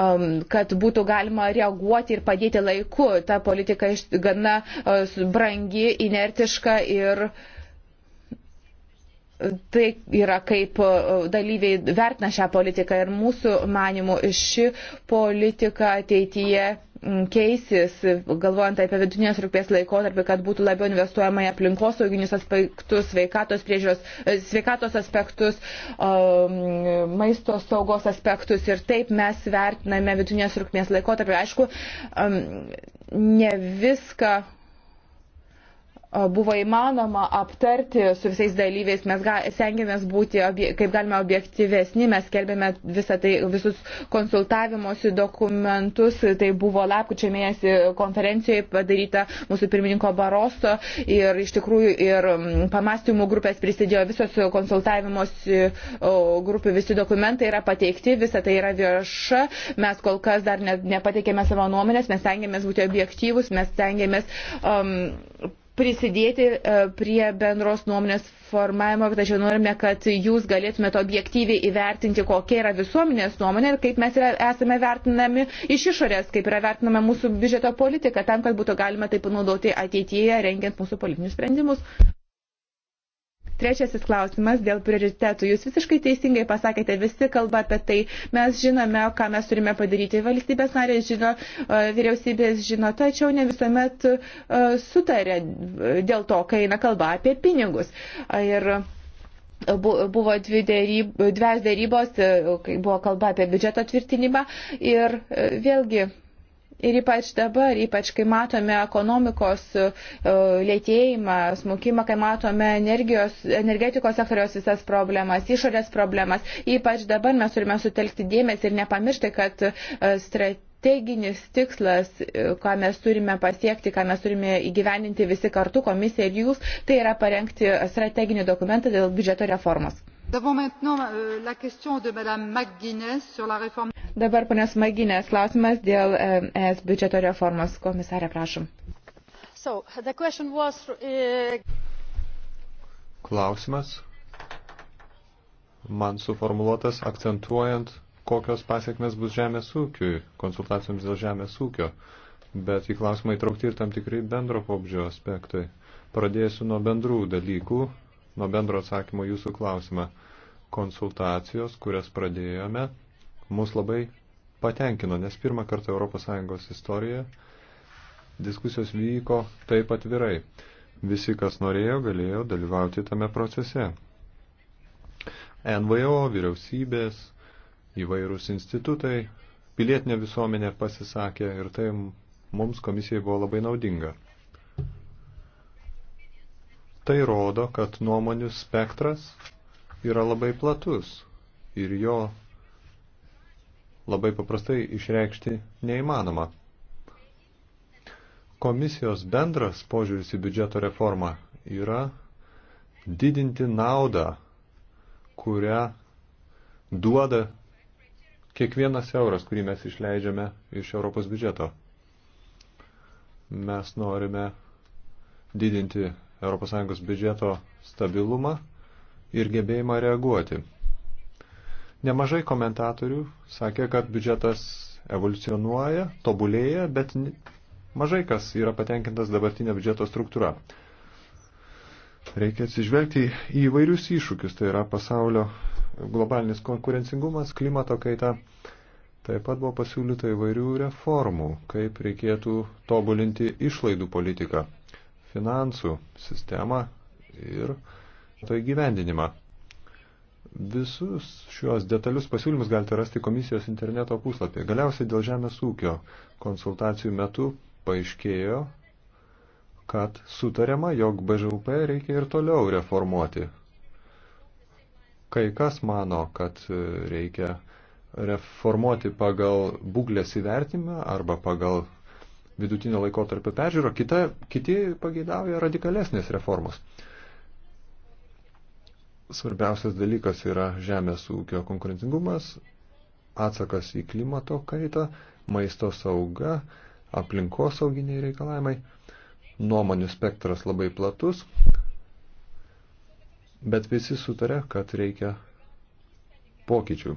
um, kad būtų galima reaguoti ir padėti laiku. Ta politika gana uh, brangi, inertiška ir tai yra kaip uh, dalyviai vertina šią politiką ir mūsų manimų ši politika ateityje keisis, galvojant apie vidutinės rūpės laikotarpį, kad būtų labiau investuojama į aplinkosauginius aspektus, sveikatos priežiūros, e, sveikatos aspektus, um, maisto saugos aspektus ir taip mes vertiname vidutinės rūpės laikotarpį. Aišku, um, ne viską buvo įmanoma aptarti su visais dalyviais, mes ga, stengiamės būti obje, kaip galime objektyvesni, mes kelbėme tai, visus konsultavimosi dokumentus, tai buvo lapkučio mėnesį konferencijoje padaryta mūsų pirmininko Baroso ir iš tikrųjų ir pamastymų grupės prisidėjo visos konsultavimosi grupių, visi dokumentai yra pateikti, visa tai yra vieša, mes kol kas dar ne, nepateikėme savo nuomonės, mes stengiamės būti objektyvus, mes stengiamės um, prisidėti e, prie bendros nuomonės formavimo, tačiau norime, kad jūs galėtumėte objektyviai įvertinti, kokia yra visuomenės nuomonė ir kaip mes esame vertinami iš išorės, kaip yra vertinama mūsų biudžeto politika, tam, kad būtų galima tai panaudoti ateityje, rengiant mūsų politinius sprendimus. Trečiasis klausimas dėl prioritetų. Jūs visiškai teisingai pasakėte, visi kalba apie tai. Mes žinome, ką mes turime padaryti. Valstybės narės žino, e, vyriausybės žino, tačiau ne visuomet e, sutarė dėl to, kai eina kalba apie pinigus. Ir buvo dvi dėryb, dvies dėrybos, e, kai buvo kalba apie biudžeto tvirtinimą. Ir vėlgi Ir ypač dabar, ypač kai matome ekonomikos e, lėtėjimą, smukimą, kai matome energijos, energetikos sektoriaus visas problemas, išorės problemas, ypač dabar mes turime sutelkti dėmesį ir nepamiršti, kad e, strateginis tikslas, e, ką mes turime pasiekti, ką mes turime įgyveninti visi kartu, komisija ir jūs, tai yra parengti strateginį dokumentą dėl biudžeto reformos. Euh, Dabar ponios Maginės klausimas dėl eh, ES biudžeto reformos. Komisarė, prašom. So, was, uh... Klausimas man suformuluotas akcentuojant, kokios pasiekmes bus žemės ūkiui, konsultacijoms dėl žemės ūkio, bet į klausimą įtraukti ir tam tikrai bendro pobūdžio aspektai. Pradėsiu nuo bendrų dalykų, nuo bendro atsakymo jūsų klausimą konsultacijos, kurias pradėjome, mus labai patenkino, nes pirmą kartą ES istorijoje diskusijos vyko taip atvirai. Visi, kas norėjo, galėjo dalyvauti tame procese. NVO, vyriausybės, įvairūs institutai, pilietinė visuomenė pasisakė ir tai mums komisijai buvo labai naudinga. Tai rodo, kad nuomonių spektras yra labai platus ir jo labai paprastai išreikšti neįmanoma. Komisijos bendras požiūris į biudžeto reformą yra didinti naudą, kurią duoda kiekvienas euras, kurį mes išleidžiame iš Europos biudžeto. Mes norime didinti ES biudžeto stabilumą ir gebėjimą reaguoti. Nemažai komentatorių sakė, kad biudžetas evoliucionuoja, tobulėja, bet mažai kas yra patenkintas dabartinė biudžeto struktūra. Reikia atsižvelgti į įvairius iššūkius, tai yra pasaulio globalinis konkurencingumas, klimato kaita. Taip pat buvo pasiūlyta įvairių reformų, kaip reikėtų tobulinti išlaidų politiką, finansų sistemą ir uh, to įgyvendinimą. Visus šios detalius pasiūlymus galite rasti komisijos interneto puslapyje. Galiausiai dėl žemės ūkio konsultacijų metu paaiškėjo, kad sutariama, jog BŽUP reikia ir toliau reformuoti. Kai kas mano, kad reikia reformuoti pagal būklės įvertimą arba pagal vidutinio laikotarpio peržiūro, kita, kiti pageidauja radikalesnės reformos svarbiausias dalykas yra žemės ūkio konkurencingumas, atsakas į klimato kaitą, maisto sauga, aplinkosauginiai reikalavimai. Nuomonių spektras labai platus, bet visi sutarė, kad reikia pokyčių.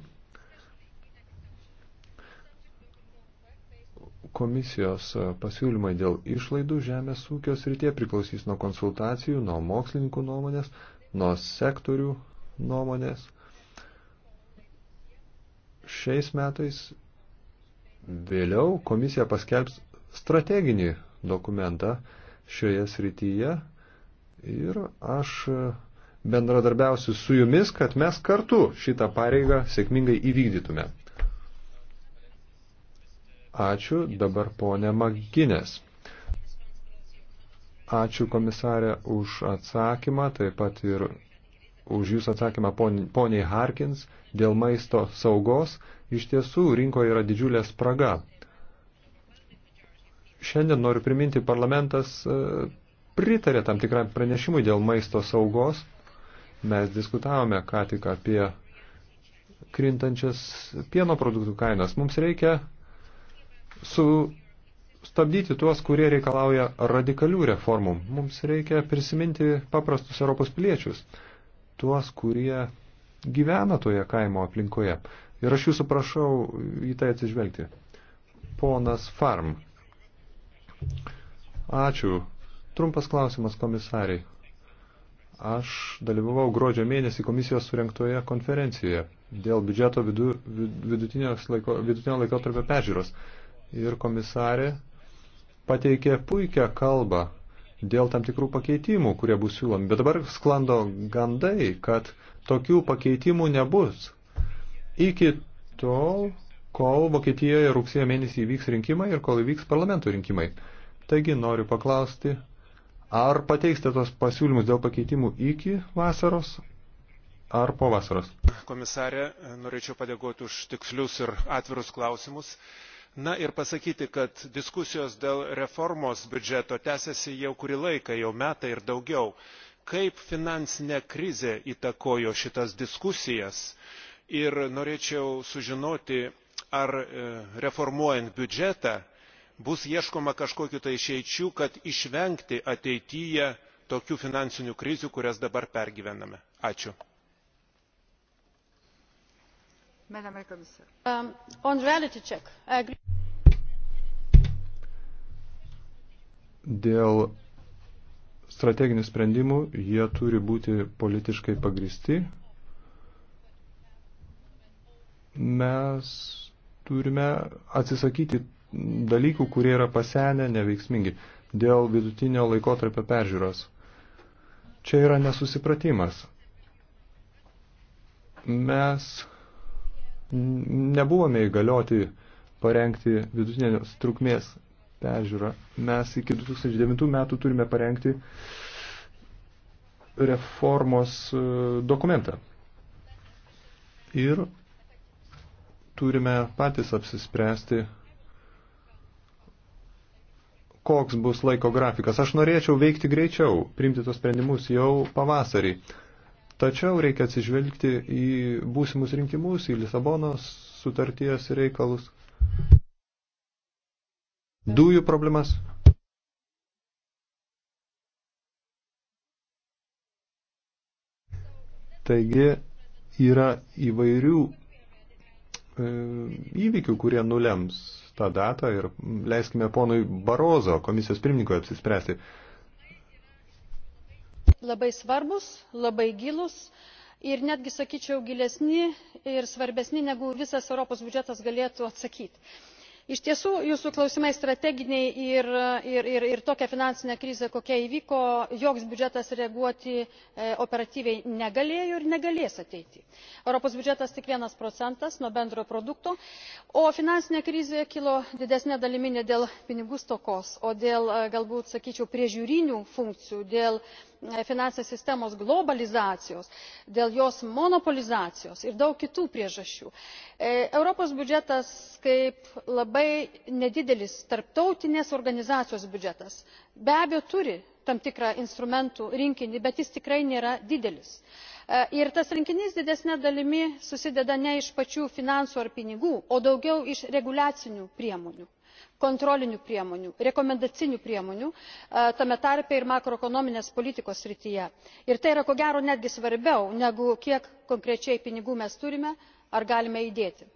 Komisijos pasiūlymai dėl išlaidų žemės ūkio srityje priklausys nuo konsultacijų, nuo mokslininkų nuomonės, nuo sektorių nuomonės. Šiais metais vėliau komisija paskelbs strateginį dokumentą šioje srityje ir aš bendradarbiausiu su jumis, kad mes kartu šitą pareigą sėkmingai įvykdytume. Ačiū dabar ponė Maginės. Ačiū komisarė už atsakymą, taip pat ir už jūsų atsakymą poniai Harkins dėl maisto saugos. Iš tiesų, rinkoje yra didžiulė spraga. Šiandien noriu priminti, parlamentas e, pritarė tam tikram pranešimui dėl maisto saugos. Mes diskutavome ką tik apie krintančias pieno produktų kainas. Mums reikia su stabdyti tuos, kurie reikalauja radikalių reformų. Mums reikia prisiminti paprastus Europos piliečius, tuos, kurie gyvena toje kaimo aplinkoje. Ir aš jūsų prašau į tai atsižvelgti. Ponas Farm. Ačiū. Trumpas klausimas komisariai. Aš dalyvavau gruodžio mėnesį komisijos surinktoje konferencijoje dėl biudžeto vidu, vidutinio laiko, vidutinio laikotarpio peržiūros. Ir komisarė pateikė puikią kalbą dėl tam tikrų pakeitimų, kurie bus siūlomi. Bet dabar sklando gandai, kad tokių pakeitimų nebus. Iki tol, kol Vokietijoje rugsėjo mėnesį įvyks rinkimai ir kol įvyks parlamento rinkimai. Taigi noriu paklausti, ar pateiksite tos pasiūlymus dėl pakeitimų iki vasaros, ar po vasaros? Komisarė, norėčiau padėkoti už tikslius ir atvirus klausimus na ir pasakyti kad diskusijos dėl reformos biudžeto tęsiasi jau kurį laiką jau metai ir daugiau kaip finansinė krizė įtakojo šitas diskusijas ir norėčiau sužinoti ar e, reformuojant biudžetą bus ieškoma kažkokių tai išeičių kad išvengti ateityje tokių finansinių krizių kurias dabar pergyvename. ačiū. Um, on reality check i agree. dėl strateginių sprendimų jie turi būti politiškai pagristi. Mes turime atsisakyti dalykų, kurie yra pasenę, neveiksmingi, dėl vidutinio laikotarpio peržiūros. Čia yra nesusipratimas. Mes nebuvome įgalioti parengti vidutinės trukmės pežiūrą. Mes iki 2009 metų turime parengti reformos e, dokumentą. Ir turime patys apsispręsti, koks bus laiko grafikas. Aš norėčiau veikti greičiau, priimti tos sprendimus jau pavasarį. Tačiau reikia atsižvelgti į būsimus rinkimus, į Lisabonos sutarties reikalus dujų problemas. Taigi yra įvairių e, įvykių, kurie nulems tą datą ir leiskime ponui Barozo, komisijos pirmininkui, apsispręsti. Labai svarbus, labai gilus ir netgi, sakyčiau, gilesni ir svarbesni, negu visas Europos biudžetas galėtų atsakyti iš tiesų jūsų klausimai strateginiai ir į tokią finansinę krizę kokia įvyko joks biudžetas reaguoti e, operatyviai negalėjo ir negalės ateityje. europos biudžetas tik vienas procentas nuo bendrojo produkto o finansinė krizė kilo didesne dalimi ne dėl pinigų stokos o dėl e, galbūt sakyčiau priežiūrinių funkcijų dėl E, finansų sistemos globalizacijos dėl jos monopolizacijos ir daug kitų priežasčių. E, europos biudžetas kaip labai nedidelis tarptautinės organizacijos biudžetas be abejo turi tam tikrą instrumentų rinkinį bet jis tikrai nėra didelis. E, ir tas rinkinys didesne dalimi susideda ne iš pačių finansų ar pinigų o daugiau iš reguliacinių priemonių kontrolinių priemonių rekomendacinių priemonių e, tame tarpe ir makroekonominės politikos srityje ir tai yra ko gero netgi svarbiau negu kiek konkrečiai pinigų mes turime ar galime įdėti.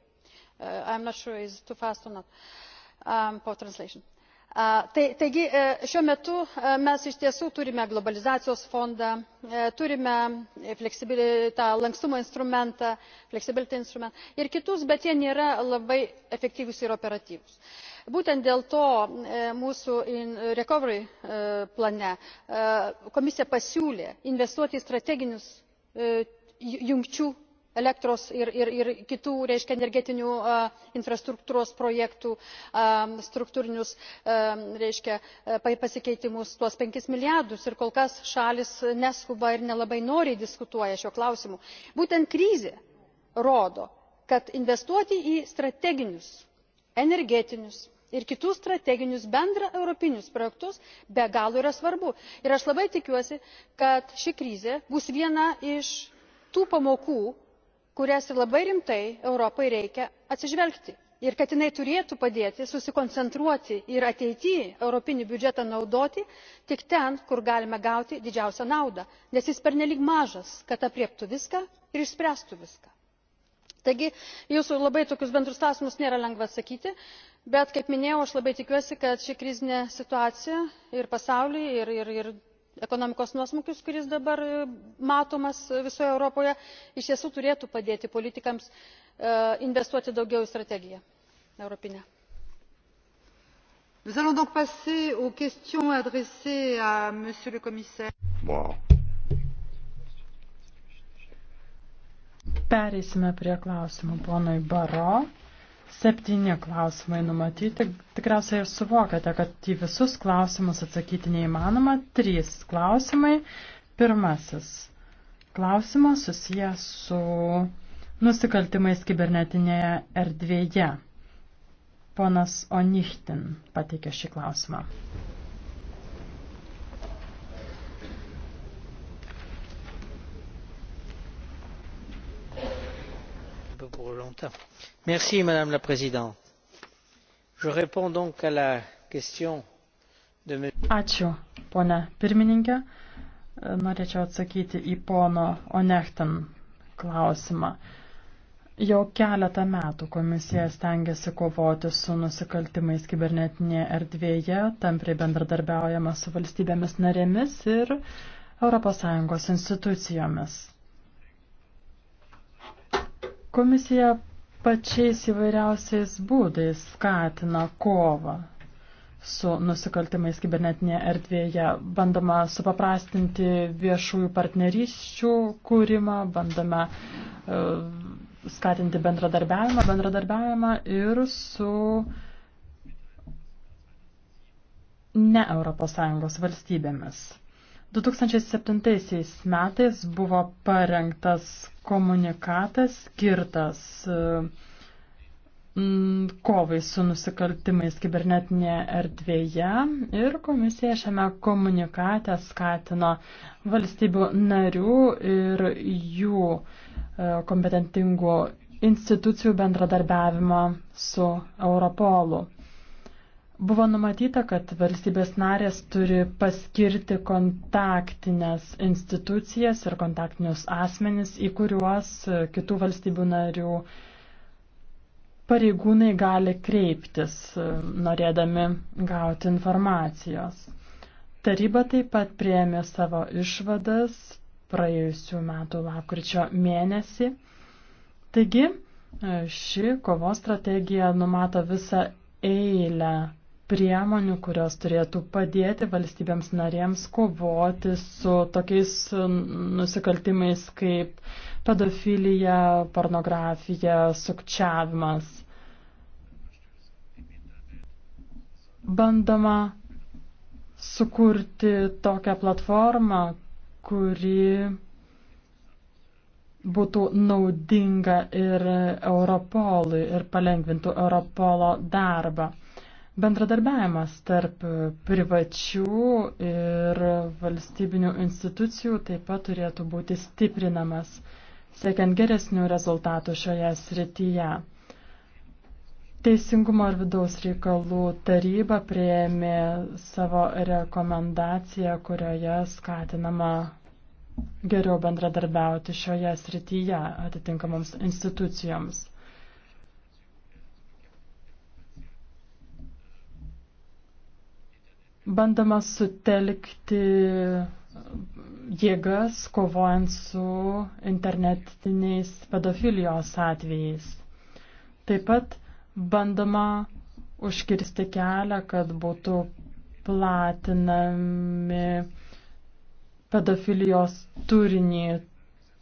E, um, e, tai, taigi šiuo metu mes iš tiesų turime globalizacijos fondą turime lankstumo instrumentą ir kitus bet jie nėra labai efektyvūs ir operatyvūs būtent dėl to e, mūsų recovery e, plane e, komisija pasiūlė investuoti į strateginių jungčių elektros ir kitų energetinių infrastruktūros projektų struktūrinius pasikeitimus tuos penkis milijardus ir kol kas šalys neskuba ir nelabai noriai diskutuoja šiuo klausimu. būtent krizė rodo kad investuoti į strateginius energetinius ir kitus strateginius bendraeuropinius projektus be galo yra svarbu ir aš labai tikiuosi kad ši krizė bus viena iš tų pamokų į kurias labai rimtai europai reikia atsižvelgti ir kad jinai turėtų padėti susikoncentruoti ir ateityje europinį biudžetą naudoti tik ten kur galime gauti didžiausią naudą nes jis pernelyg mažas kad aprėptų viską ir išspręstų viską. taigi į jūsų labai tokius bendrus klausimus nėra lengva atsakyti bet kaip minėjau aš labai tikiuosi kad ši krizinė situacija ir pasaulyje ir ekonomikos nuosmukis kuris dabar e, matomas visoje europoje iš tiesų turėtų padėti politikams e, investuoti daugiau į strategiją europinę. pereisime prie klausimų ponui barrot Septyni klausimai numatyti. Tikriausiai ir suvokiate, kad į visus klausimus atsakyti neįmanoma. Trys klausimai. Pirmasis klausimas susijęs su nusikaltimais kibernetinėje erdvėje. Ponas Onichtin pateikė šį klausimą. madame la présidente je réponds donc à la question de m. ačiū pone pirmininke norėčiau atsakyti į pono onechtan klausimą. Jau keletą metų komisija stengiasi kovoti su nusikaltimais kibernetinėje erdvėje, tampriai bendradarbiaujama su valstybėmis narėmis ir ES institucijomis. Komisija pačiais įvairiausiais būdais skatina kovą su nusikaltimais kibernetinėje erdvėje. Bandoma supaprastinti viešųjų partnerysčių kūrimą, bandome uh, skatinti bendradarbiavimą, bendradarbiavimą ir su ne ES valstybėmis. 2007 metais buvo parengtas komunikatas skirtas mm, kovai su nusikaltimais kibernetinėje erdvėje ir komisija šiame komunikate skatino valstybių narių ir jų e, kompetentingų institucijų bendradarbiavimą su Europolu. Buvo numatyta, kad valstybės narės turi paskirti kontaktinės institucijas ir kontaktinius asmenis, į kuriuos kitų valstybių narių pareigūnai gali kreiptis, norėdami gauti informacijos. Taryba taip pat prieėmė savo išvadas praėjusių metų lapkričio mėnesį. Taigi, ši kovos strategija numato visą eilę priemonių, kurios turėtų padėti valstybėms narėms kovoti su tokiais nusikaltimais kaip pedofilija, pornografija, sukčiavimas. Bandoma sukurti tokią platformą, kuri būtų naudinga ir Europolui ir palengvintų Europolo darbą. Bendradarbiavimas tarp privačių ir valstybinių institucijų taip pat turėtų būti stiprinamas, siekiant geresnių rezultatų šioje srityje. Teisingumo ir vidaus reikalų taryba prieėmė savo rekomendaciją, kurioje skatinama geriau bendradarbiauti šioje srityje atitinkamoms institucijoms. bandama sutelkti jėgas kovojant su internetiniais pedofilijos atvejais. Taip pat bandama užkirsti kelią, kad būtų platinami pedofilijos turinį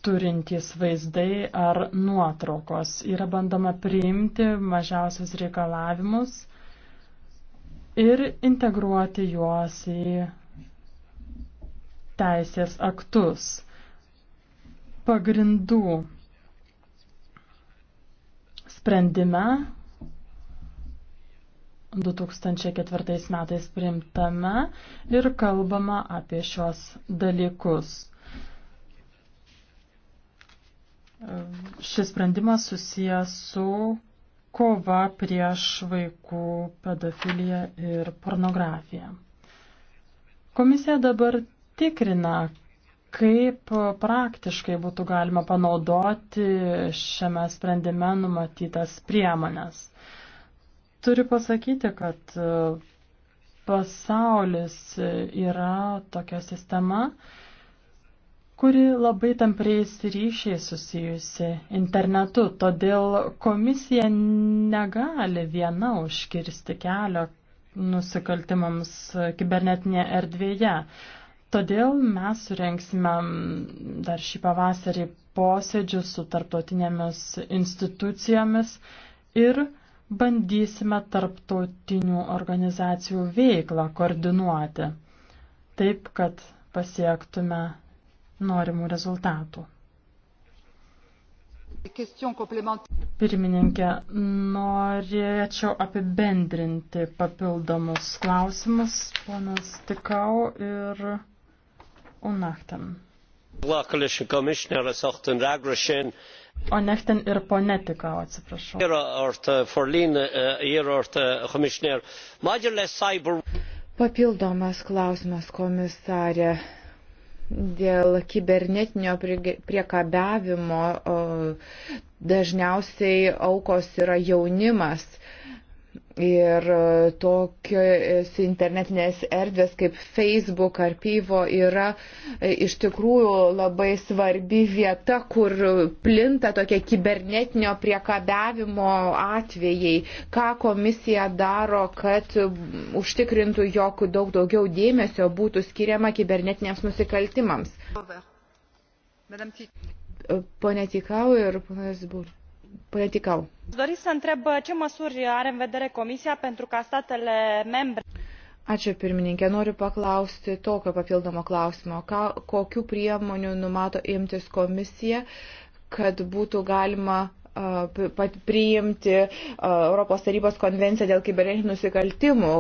turintys vaizdai ar nuotraukos. Yra bandoma priimti mažiausius reikalavimus ir integruoti juos į teisės aktus. Pagrindų sprendime 2004 metais priimtame ir kalbama apie šios dalykus. Šis sprendimas susijęs su kova prieš vaikų pedofiliją ir pornografiją. Komisija dabar tikrina, kaip praktiškai būtų galima panaudoti šiame sprendime numatytas priemonės. Turiu pasakyti, kad e, pasaulis yra tokia sistema, kuri labai tampriais ryšiai susijusi internetu, todėl komisija negali viena užkirsti kelio nusikaltimams kibernetinėje erdvėje. Todėl mes surenksime dar šį pavasarį posėdžių su tarptautinėmis institucijomis ir bandysime tarptautinių organizacijų veiklą koordinuoti, taip kad pasiektume norimų rezultatų. Pirmininkė, norėčiau apibendrinti papildomus klausimus, ponas Tikau ir Unachtan. Onechtin ir ponetikau, atsiprašau. Uh, uh, Papildomas klausimas, komisarė dėl kibernetinio priekabiavimo dažniausiai aukos yra jaunimas. Ir e, tokios internetinės erdvės kaip Facebook ar Pyvo yra e, iš tikrųjų labai svarbi vieta, kur plinta tokie kibernetinio priekabiavimo atvejai. Ką komisija daro, kad užtikrintų, jog daug daugiau dėmesio būtų skiriama kibernetiniams nusikaltimams? Pone Tikau ir ponas Būr. Până Ticau. Dori să întreb uh, ce măsuri are în vedere Comisia pentru ca statele membre. Ačiū pirmininkė, noriu paklausti tokio papildomo klausimo. Ką, kokiu priemoniu numato imtis komisija, kad būtų galima uh, priimti uh, Europos tarybos konvenciją dėl kibernetinių nusikaltimų,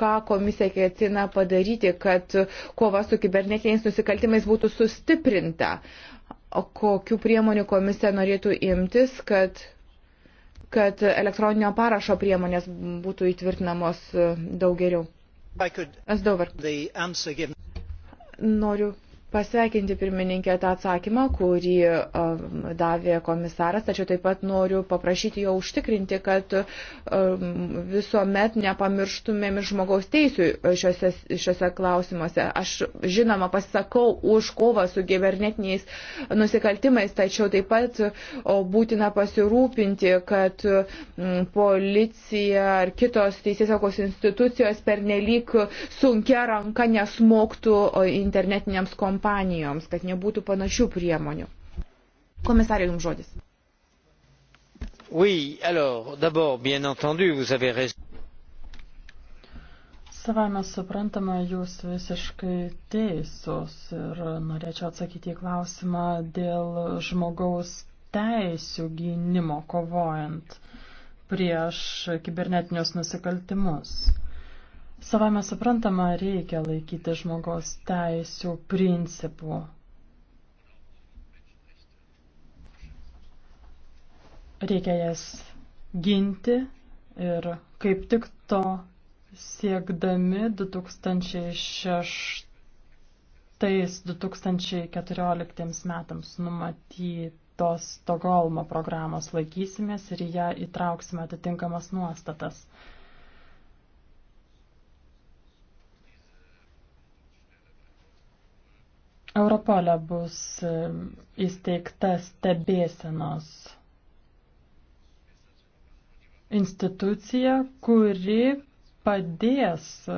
ką komisija ketina padaryti, kad kova su kibernetiniais nusikaltimais būtų sustiprinta. Uh, kokiu priemonių komisija norėtų imtis, kad, kad elektroninio parašo priemonės būtų įtvirtinamos e, daug geriau. Aš dabar noriu pasveikinti pirmininkę tą atsakymą, kurį um, davė komisaras, tačiau taip pat noriu paprašyti jo užtikrinti, kad um, visuomet nepamirštumėm ir žmogaus teisų šiuose, šiuose klausimuose. Aš žinoma pasisakau už kovą su gibernetiniais nusikaltimais, tačiau taip pat būtina pasirūpinti, kad mm, policija ar kitos teisėsaugos institucijos pernelyg sunkia ranka nesmoktų internetiniams kompanijams kompanijoms, kad nebūtų panašių priemonių. Komisarė, jums žodis. Oui, alors, d'abord, bien entendu, vous avez raison. Savame suprantama, jūs visiškai teisūs ir norėčiau atsakyti į klausimą dėl žmogaus teisų gynimo kovojant prieš kibernetinius nusikaltimus. Savame suprantama, reikia laikyti žmogaus teisų principų. Reikia jas ginti ir kaip tik to siekdami 2006-2014 metams numatytos Stokholmo programos laikysimės ir ją įtrauksime atitinkamas nuostatas. Europolė bus įsteigta stebėsenos institucija, kuri padės e,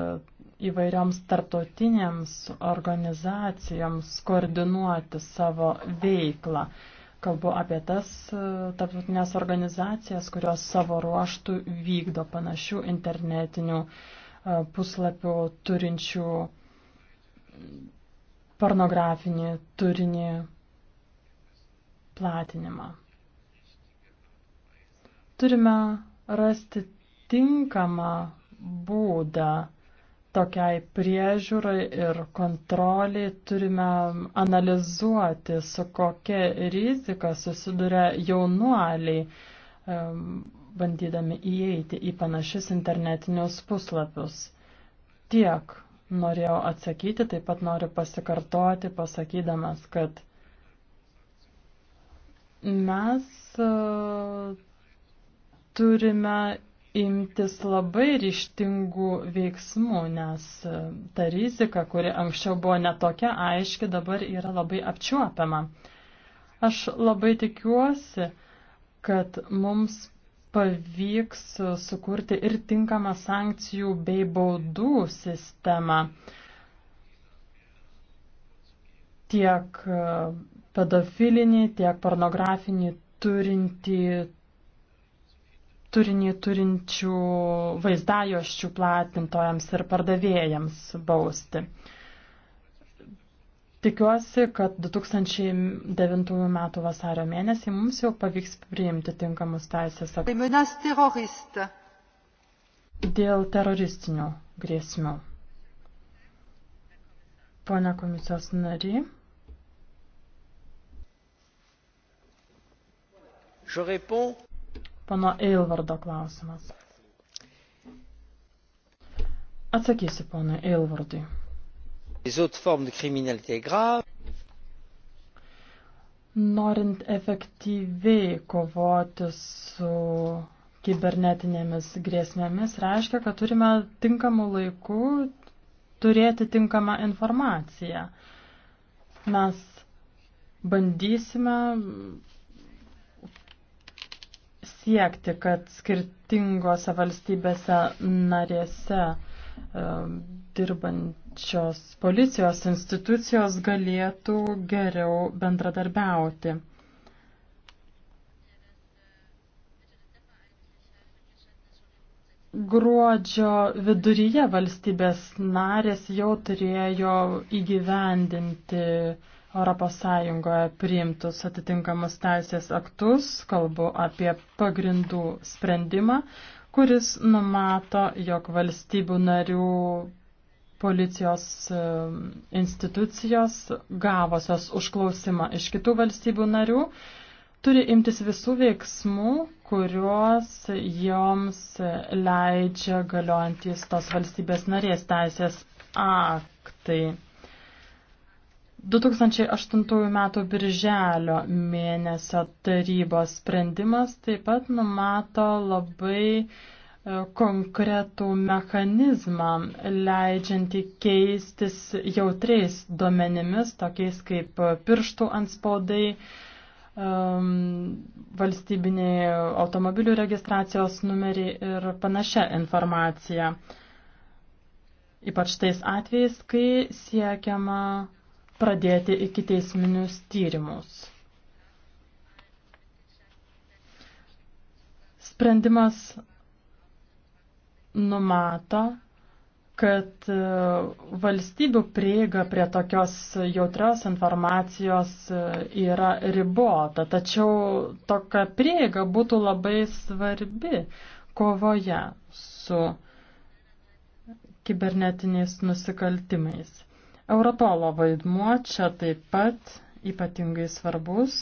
įvairioms tarptautinėms organizacijoms koordinuoti savo veiklą. Kalbu apie tas e, tarptautinės organizacijas, kurios savo ruoštų vykdo panašių internetinių e, puslapių turinčių pornografinį turinį platinimą. Turime rasti tinkamą būdą tokiai priežiūrai ir kontroliai turime analizuoti, su kokia rizika susiduria jaunuoliai, bandydami įeiti į panašius internetinius puslapius. Tiek norėjau atsakyti, taip pat noriu pasikartoti, pasakydamas, kad mes e, turime imtis labai ryštingų veiksmų, nes e, ta rizika, kuri anksčiau buvo netokia aiški, dabar yra labai apčiuopiama. Aš labai tikiuosi, kad mums pavyks sukurti ir tinkamą sankcijų bei baudų sistemą tiek pedofilinį, tiek pornografinį turinti, turinį turinčių vaizdajoščių platintojams ir pardavėjams bausti. Tikiuosi, kad 2009 m. vasario mėnesį mums jau pavyks priimti tinkamus teisės aktus dėl teroristinių grėsmių. Pone komisijos nariai. Pano Eilvardo klausimas. Atsakysiu ponui Eilvardui. Norint efektyviai kovoti su kibernetinėmis grėsmėmis, reiškia, kad turime tinkamų laikų turėti tinkamą informaciją. Mes bandysime siekti, kad skirtingose valstybėse narėse e, dirbant pačios policijos institucijos galėtų geriau bendradarbiauti. Gruodžio viduryje valstybės narės jau turėjo įgyvendinti ES priimtus atitinkamus teisės aktus, kalbu apie pagrindų sprendimą, kuris numato, jog valstybių narių policijos e, institucijos, gavosios užklausimą iš kitų valstybių narių, turi imtis visų veiksmų, kuriuos joms leidžia galiojantys tos valstybės narės teisės aktai. 2008 m. birželio mėnesio tarybos sprendimas taip pat numato labai uh, konkretų mechanizmą leidžiantį keistis jautriais duomenimis, tokiais kaip pirštų anspaudai, um, valstybiniai automobilių registracijos numeriai ir panašia informacija. Ypač tais atvejais, kai siekiama pradėti iki teisminius tyrimus. Sprendimas numato, kad e, valstybių prieiga prie tokios jautrios informacijos e, yra ribota, tačiau tokia prieiga būtų labai svarbi kovoje su kibernetiniais nusikaltimais. Europolo vaidmuo čia taip pat ypatingai svarbus.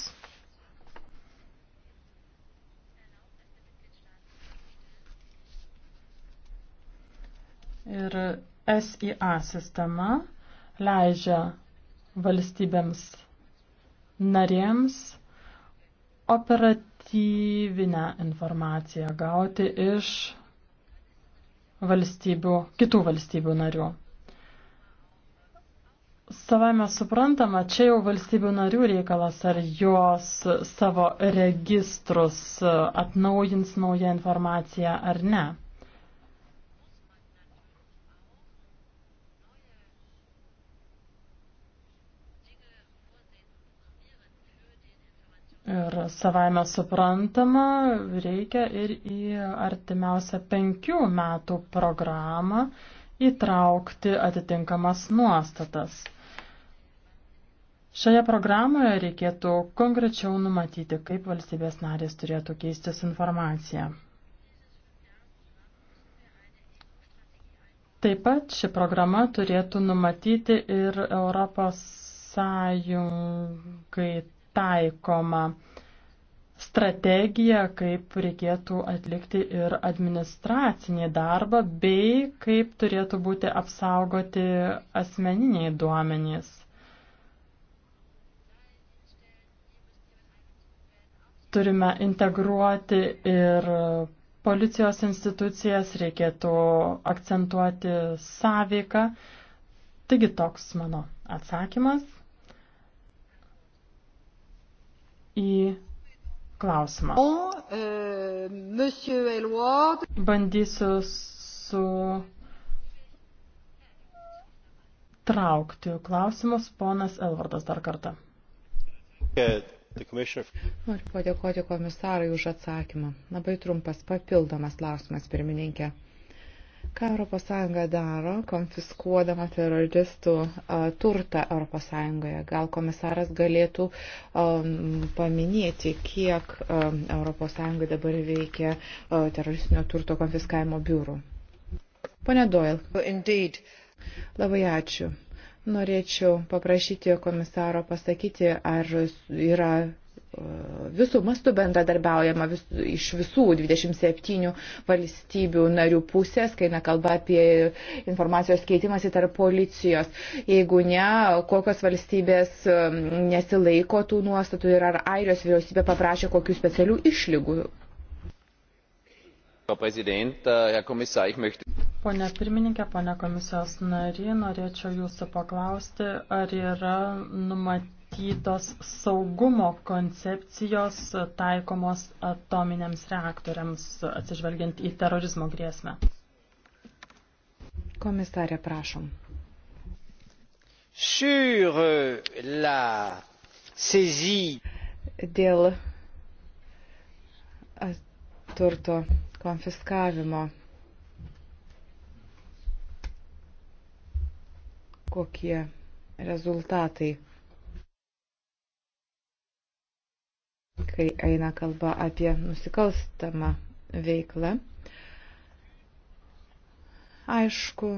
Ir SIA sistema leidžia valstybėms narėms operatyvinę informaciją gauti iš valstybių, kitų valstybių narių. Savame suprantama, čia jau valstybių narių reikalas, ar jos savo registrus atnaujins naują informaciją ar ne. Ir savaime suprantama, reikia ir į artimiausią penkių metų programą įtraukti atitinkamas nuostatas. Šioje programoje reikėtų konkrečiau numatyti, kaip valstybės narės turėtų keistis informaciją. Taip pat ši programa turėtų numatyti ir Europos sąjungai taikoma strategiją, kaip reikėtų atlikti ir administracinį darbą, bei kaip turėtų būti apsaugoti asmeniniai duomenys. Turime integruoti ir policijos institucijas, reikėtų akcentuoti sąveiką. Taigi toks mano atsakymas. į klausimą. Euh, Bandysiu su traukti klausimus ponas Elvardas dar kartą. Noriu padėkoti komisarai už atsakymą. Labai trumpas papildomas klausimas, pirmininkė. Ką ES daro, konfiskuodama teroristų turtą ES? Gal komisaras galėtų um, paminėti, kiek um, ES dabar veikia uh, teroristinio turto konfiskavimo biurų? Pone Doyle. Indeed. Labai ačiū. Norėčiau paprašyti komisaro pasakyti, ar yra visų mastų bendradarbiaujama vis, iš visų 27 valstybių narių pusės, kai nekalba apie informacijos keitimąsi tarp policijos. Jeigu ne, kokios valstybės um, nesilaiko tų nuostatų ir ar Airijos vyriausybė paprašė kokių specialių išlygų. Äh, pone pirmininkė, pone komisijos nari, norėčiau jūsų paklausti, ar yra numatyti numatytos saugumo koncepcijos taikomos atominiams reaktoriams atsižvelgiant į terorizmo grėsmę. Komisarė, prašom. Sur euh, la saisie. Dėl turto konfiskavimo. Kokie rezultatai? kai eina kalba apie nusikalstamą veiklą. Aišku,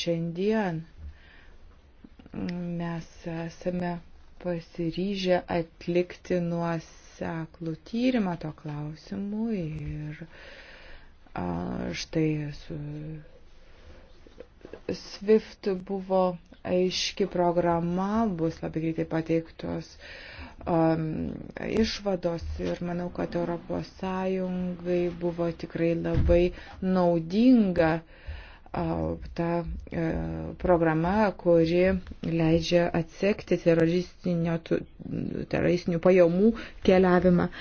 šiandien mes esame pasiryžę atlikti nuoseklų tyrimą to klausimu ir štai su SWIFT buvo aiški programa, bus labai greitai pateiktos um, išvados ir manau, kad Europos Sąjungai buvo tikrai labai naudinga uh, ta uh, programa, kuri leidžia atsekti teroristinių pajamų keliavimą. Uh,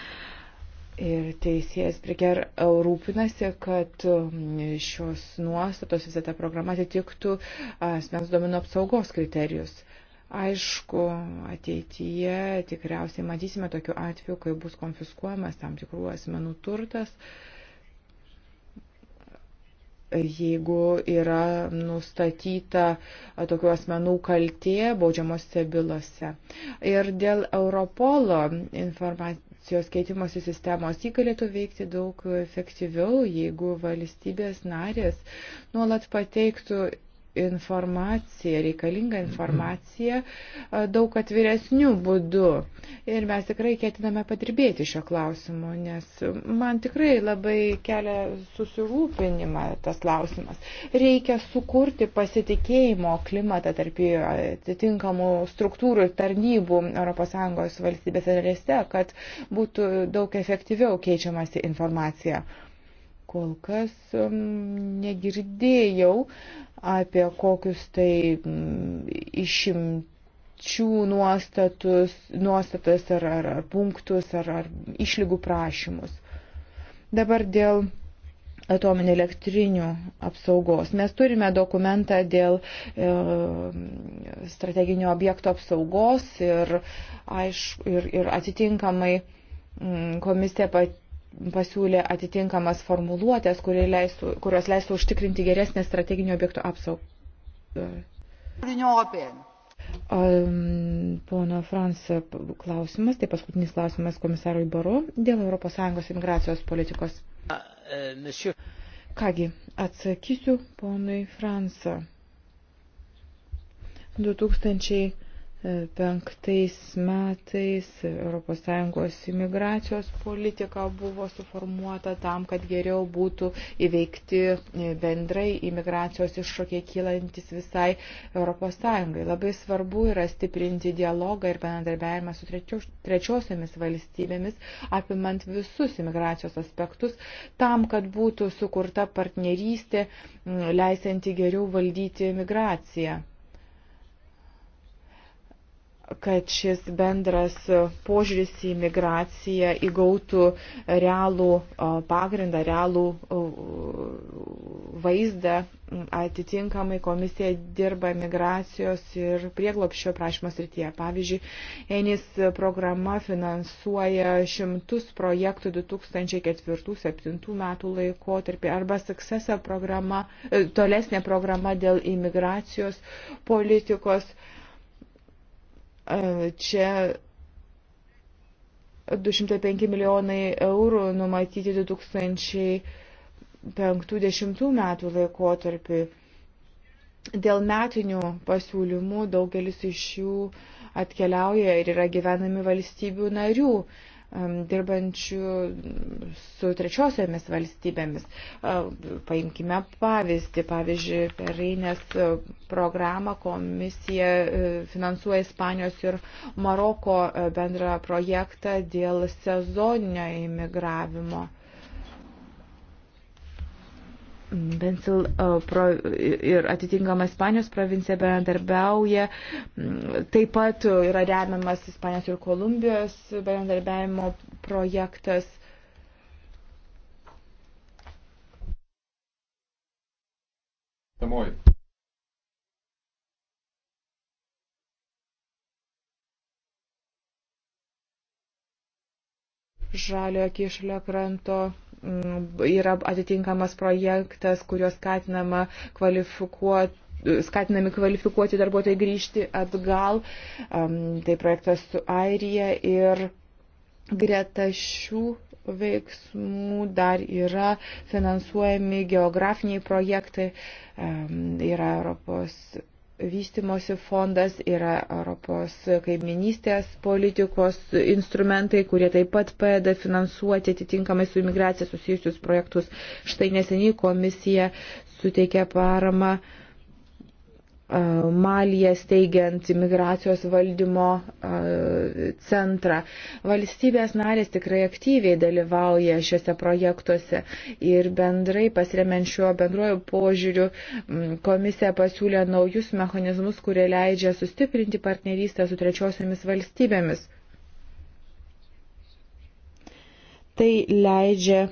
Ir teisėjas Briger rūpinasi, kad um, šios nuostatos visą tą programą atitiktų asmens duomenų apsaugos kriterijus. Aišku, ateityje tikriausiai matysime tokiu atveju, kai bus konfiskuojamas tam tikrų asmenų turtas, jeigu yra nustatyta tokių asmenų kaltė baudžiamose bylose. Ir dėl Europolo informacijos informacijos keitimosi sistemos. Ji galėtų veikti daug efektyviau, jeigu valstybės narės nuolat pateiktų informaciją, reikalingą informaciją daug atviresnių būdų. Ir mes tikrai ketiname padirbėti šio klausimu, nes man tikrai labai kelia susirūpinimą tas klausimas. Reikia sukurti pasitikėjimo klimatą tarp atitinkamų struktūrų ir tarnybų ES valstybės narėse, kad būtų daug efektyviau keičiamasi informacija kol kas um, negirdėjau apie kokius tai mm, išimčių nuostatus, nuostatas ar, ar, ar punktus ar, ar išlygų prašymus. Dabar dėl atominio elektrinių apsaugos. Mes turime dokumentą dėl e, strateginio objekto apsaugos ir, aišku, ir, ir atitinkamai mm, komisija pat pasiūlė atitinkamas formuluotės, leistų, kurios leistų užtikrinti geresnę strateginių objektų apsaugą. Um, pono Frans klausimas, tai paskutinis klausimas komisarui Baru dėl ES imigracijos politikos. Kągi, atsakysiu ponui Fransą. 2000 penktais metais ES imigracijos politika buvo suformuota tam, kad geriau būtų įveikti bendrai imigracijos iššūkiai kylantis visai ES. Labai svarbu yra stiprinti dialogą ir bendradarbiavimą su trečiosiamis valstybėmis, apimant visus imigracijos aspektus, tam, kad būtų sukurta partnerystė, leisanti geriau valdyti imigraciją kad šis bendras požiūris į migraciją įgautų realų pagrindą, realų vaizdą. Atitinkamai komisija dirba migracijos ir prieglopščio prašymo srityje. Pavyzdžiui, ENIS programa finansuoja šimtus projektų 2004-2007 metų laikotarpį arba Successa programa, e, tolesnė programa dėl imigracijos politikos. Uh, Čia 205 milijonai eurų numatyti 2050 metų laikotarpiui. Dėl metinių pasiūlymų daugelis iš jų atkeliauja ir yra gyvenami valstybių narių dirbančių su trečiosiomis valstybėmis. Paimkime pavyzdį. Pavyzdžiui, per Reinės programą komisija e, finansuoja Ispanijos ir Maroko e, bendrą projektą dėl sezoninio imigravimo. Bensil e, pro, ir atitinkama Ispanijos provincija bendarbiauja. Taip pat yra remiamas Ispanijos ir Kolumbijos bendarbiavimo projektas. Tamoji. Žaliojo kišlio kranto yra atitinkamas projektas, kurios skatinama kvalifikuoti skatinami kvalifikuoti darbuotojai grįžti atgal. Um, tai projektas su Airija ir greta šių veiksmų dar yra finansuojami geografiniai projektai, um, yra Europos vystimosi fondas, yra Europos kaiminystės politikos instrumentai, kurie taip pat padeda finansuoti atitinkamai su imigracija susijusius projektus. Štai neseniai komisija suteikė paramą uh, Malija steigiant imigracijos valdymo centrą. Valstybės narės tikrai aktyviai dalyvauja šiuose projektuose ir bendrai pasiremiant šiuo bendruoju požiūriu komisija pasiūlė naujus mechanizmus, kurie leidžia sustiprinti partnerystę su trečiosiomis valstybėmis. Tai leidžia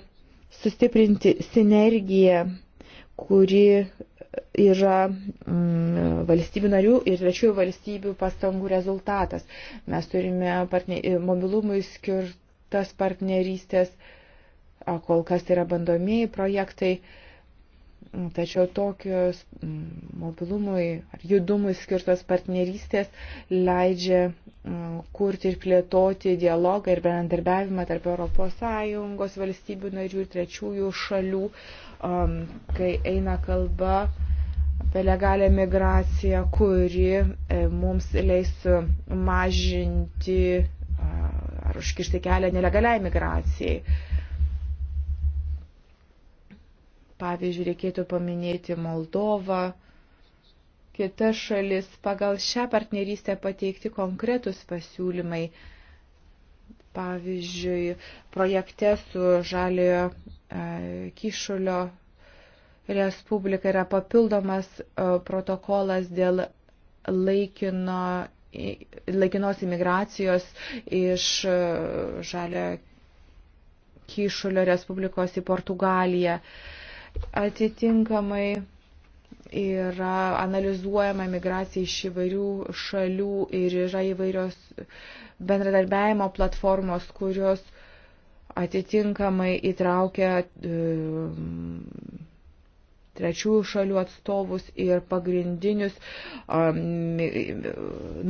sustiprinti sinergiją, kuri yra mm, valstybių narių ir trečiųjų valstybių pastangų rezultatas. Mes turime partne, mobilumui skirtas partnerystės, kol kas tai yra bandomieji projektai, tačiau tokios mobilumui ar judumui skirtos partnerystės leidžia kurti ir plėtoti dialogą ir bendradarbiavimą tarp ES valstybių narių ir trečiųjų šalių, kai eina kalba apie legalią migraciją, kuri e, mums leis mažinti ar užkirsti kelią nelegaliai migracijai. Pavyzdžiui, reikėtų paminėti Moldovą, kitas šalis. Pagal šią partnerystę pateikti konkretus pasiūlymai. Pavyzdžiui, projekte su žaliojo e, kišulio Respublika yra papildomas e, protokolas dėl laikino, laikinos imigracijos iš e, žalio Kyšulio Respublikos į Portugaliją. Atitinkamai yra analizuojama migracija iš įvairių šalių ir yra įvairios bendradarbiajimo platformos, kurios atitinkamai įtraukia e, trečiųjų šalių atstovus ir pagrindinius um,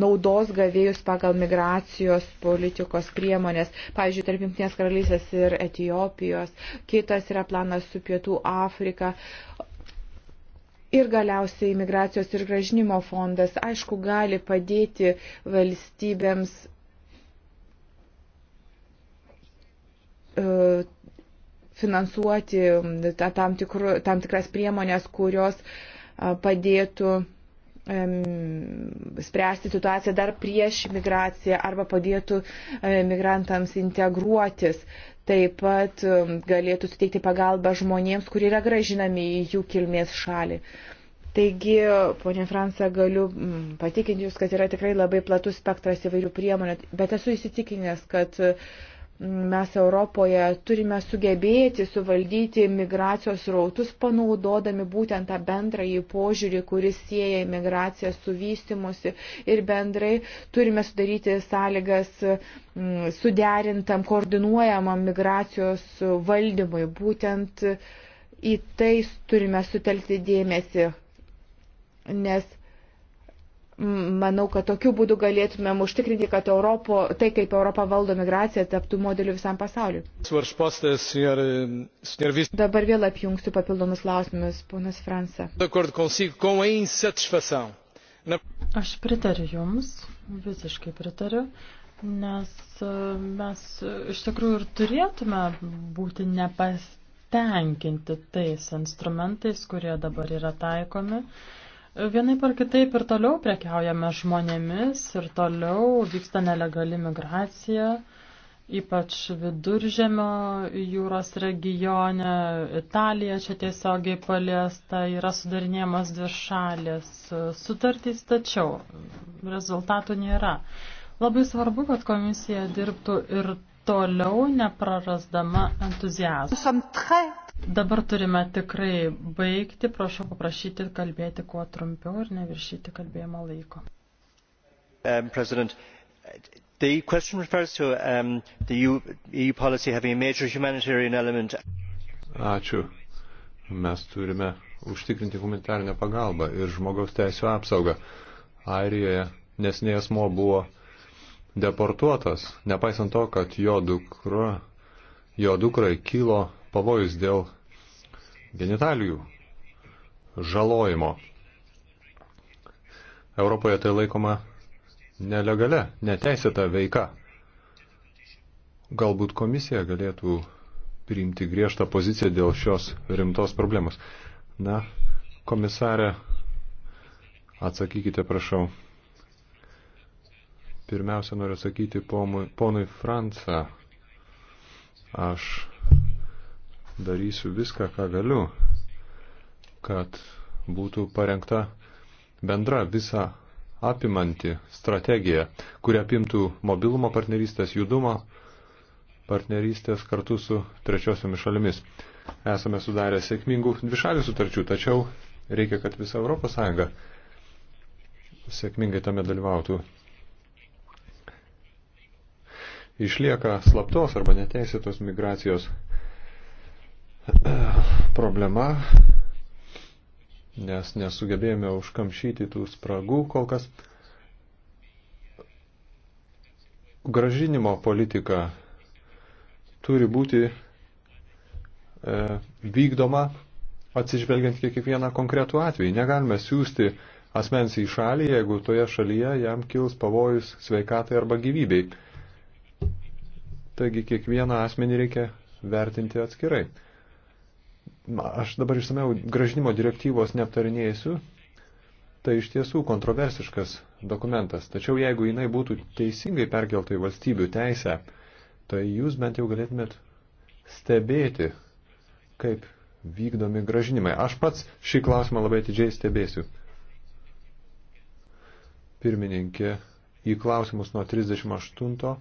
naudos gavėjus pagal migracijos politikos priemonės, pavyzdžiui, tarp Junktinės karalystės ir Etijopijos, kitas yra planas su Pietų Afrika. Ir galiausiai migracijos ir gražinimo fondas, aišku, gali padėti valstybėms uh, finansuoti tam, tikru, tam tikras priemonės, kurios padėtų spręsti situaciją dar prieš migraciją arba padėtų e, migrantams integruotis. Taip pat galėtų suteikti pagalbą žmonėms, kurie yra gražinami į jų kilmės šalį. Taigi, ponė Fransa, galiu patikinti Jūs, kad yra tikrai labai platus spektras įvairių priemonių, bet esu įsitikinęs, kad uh, mes Europoje turime sugebėti suvaldyti migracijos rautus, panaudodami būtent tą bendrąjį požiūrį, kuris sieja migraciją su vystimusi ir bendrai turime sudaryti sąlygas mm, suderintam, koordinuojamam migracijos valdymui. Būtent į tai turime sutelkti dėmesį, nes Manau, kad tokiu būdu galėtumėm užtikrinti, kad Europo, tai, kaip Europa valdo migraciją, taptų modeliu visam pasauliu. Dabar vėl apjungsiu papildomus klausimus, ponas Fransa. Aš pritariu Jums, visiškai pritariu, nes e, mes iš tikrųjų ir turėtume būti nepastenkinti tais instrumentais, kurie dabar yra taikomi. Uh, Vienaip ar kitaip ir toliau prekiaujame žmonėmis ir toliau vyksta nelegali migracija, ypač viduržėmio jūros regione. Italija čia tiesiogiai paliesta, yra sudarinėjamas dvi šalės sutartys, tačiau rezultatų nėra. Labai svarbu, kad komisija dirbtų ir toliau neprarasdama entuzijazmo. Dabar turime tikrai baigti. Prašau paprašyti kalbėti kuo trumpiau ir neviršyti kalbėjimo laiko. Um, President, the question refers to um, the EU, EU policy having a major humanitarian element. Ačiū. Mes turime užtikrinti humanitarinę pagalbą ir žmogaus teisų apsaugą. Airijoje nesnėje asmo buvo deportuotas, nepaisant to, kad jo, dukra, jo dukrai kilo pavojus dėl genitalijų žalojimo. Europoje tai laikoma nelegale, neteisėta veika. Galbūt komisija galėtų priimti griežtą poziciją dėl šios rimtos problemos. Na, komisarė, atsakykite, prašau. Pirmiausia, noriu sakyti ponui Franca. Aš darysiu viską, ką galiu, kad būtų parengta bendra visa apimanti strategija, kuria apimtų mobilumo partnerystės judumą, partnerystės kartu su trečiosiomis šalimis. Esame sudarę sėkmingų dvišalių sutarčių, tačiau reikia, kad visa Europos Sąjunga sėkmingai tame dalyvautų. Išlieka slaptos arba neteisėtos migracijos problema, nes nesugebėjome užkamšyti tų spragų kol kas. Gražinimo politika turi būti e, vykdoma atsižvelgiant kiekvieną konkretų atvejį. Negalime siūsti asmens į šalį, jeigu toje šalyje jam kils pavojus sveikatai arba gyvybei. Taigi kiekvieną asmenį reikia vertinti atskirai. Aš dabar išsameu gražinimo direktyvos neaptarinėsiu, tai iš tiesų kontroversiškas dokumentas. Tačiau jeigu jinai būtų teisingai perkelta į valstybių teisę, tai jūs bent jau galėtumėt stebėti, kaip vykdomi gražinimai. Aš pats šį klausimą labai atidžiai stebėsiu. Pirmininkė, į klausimus nuo 38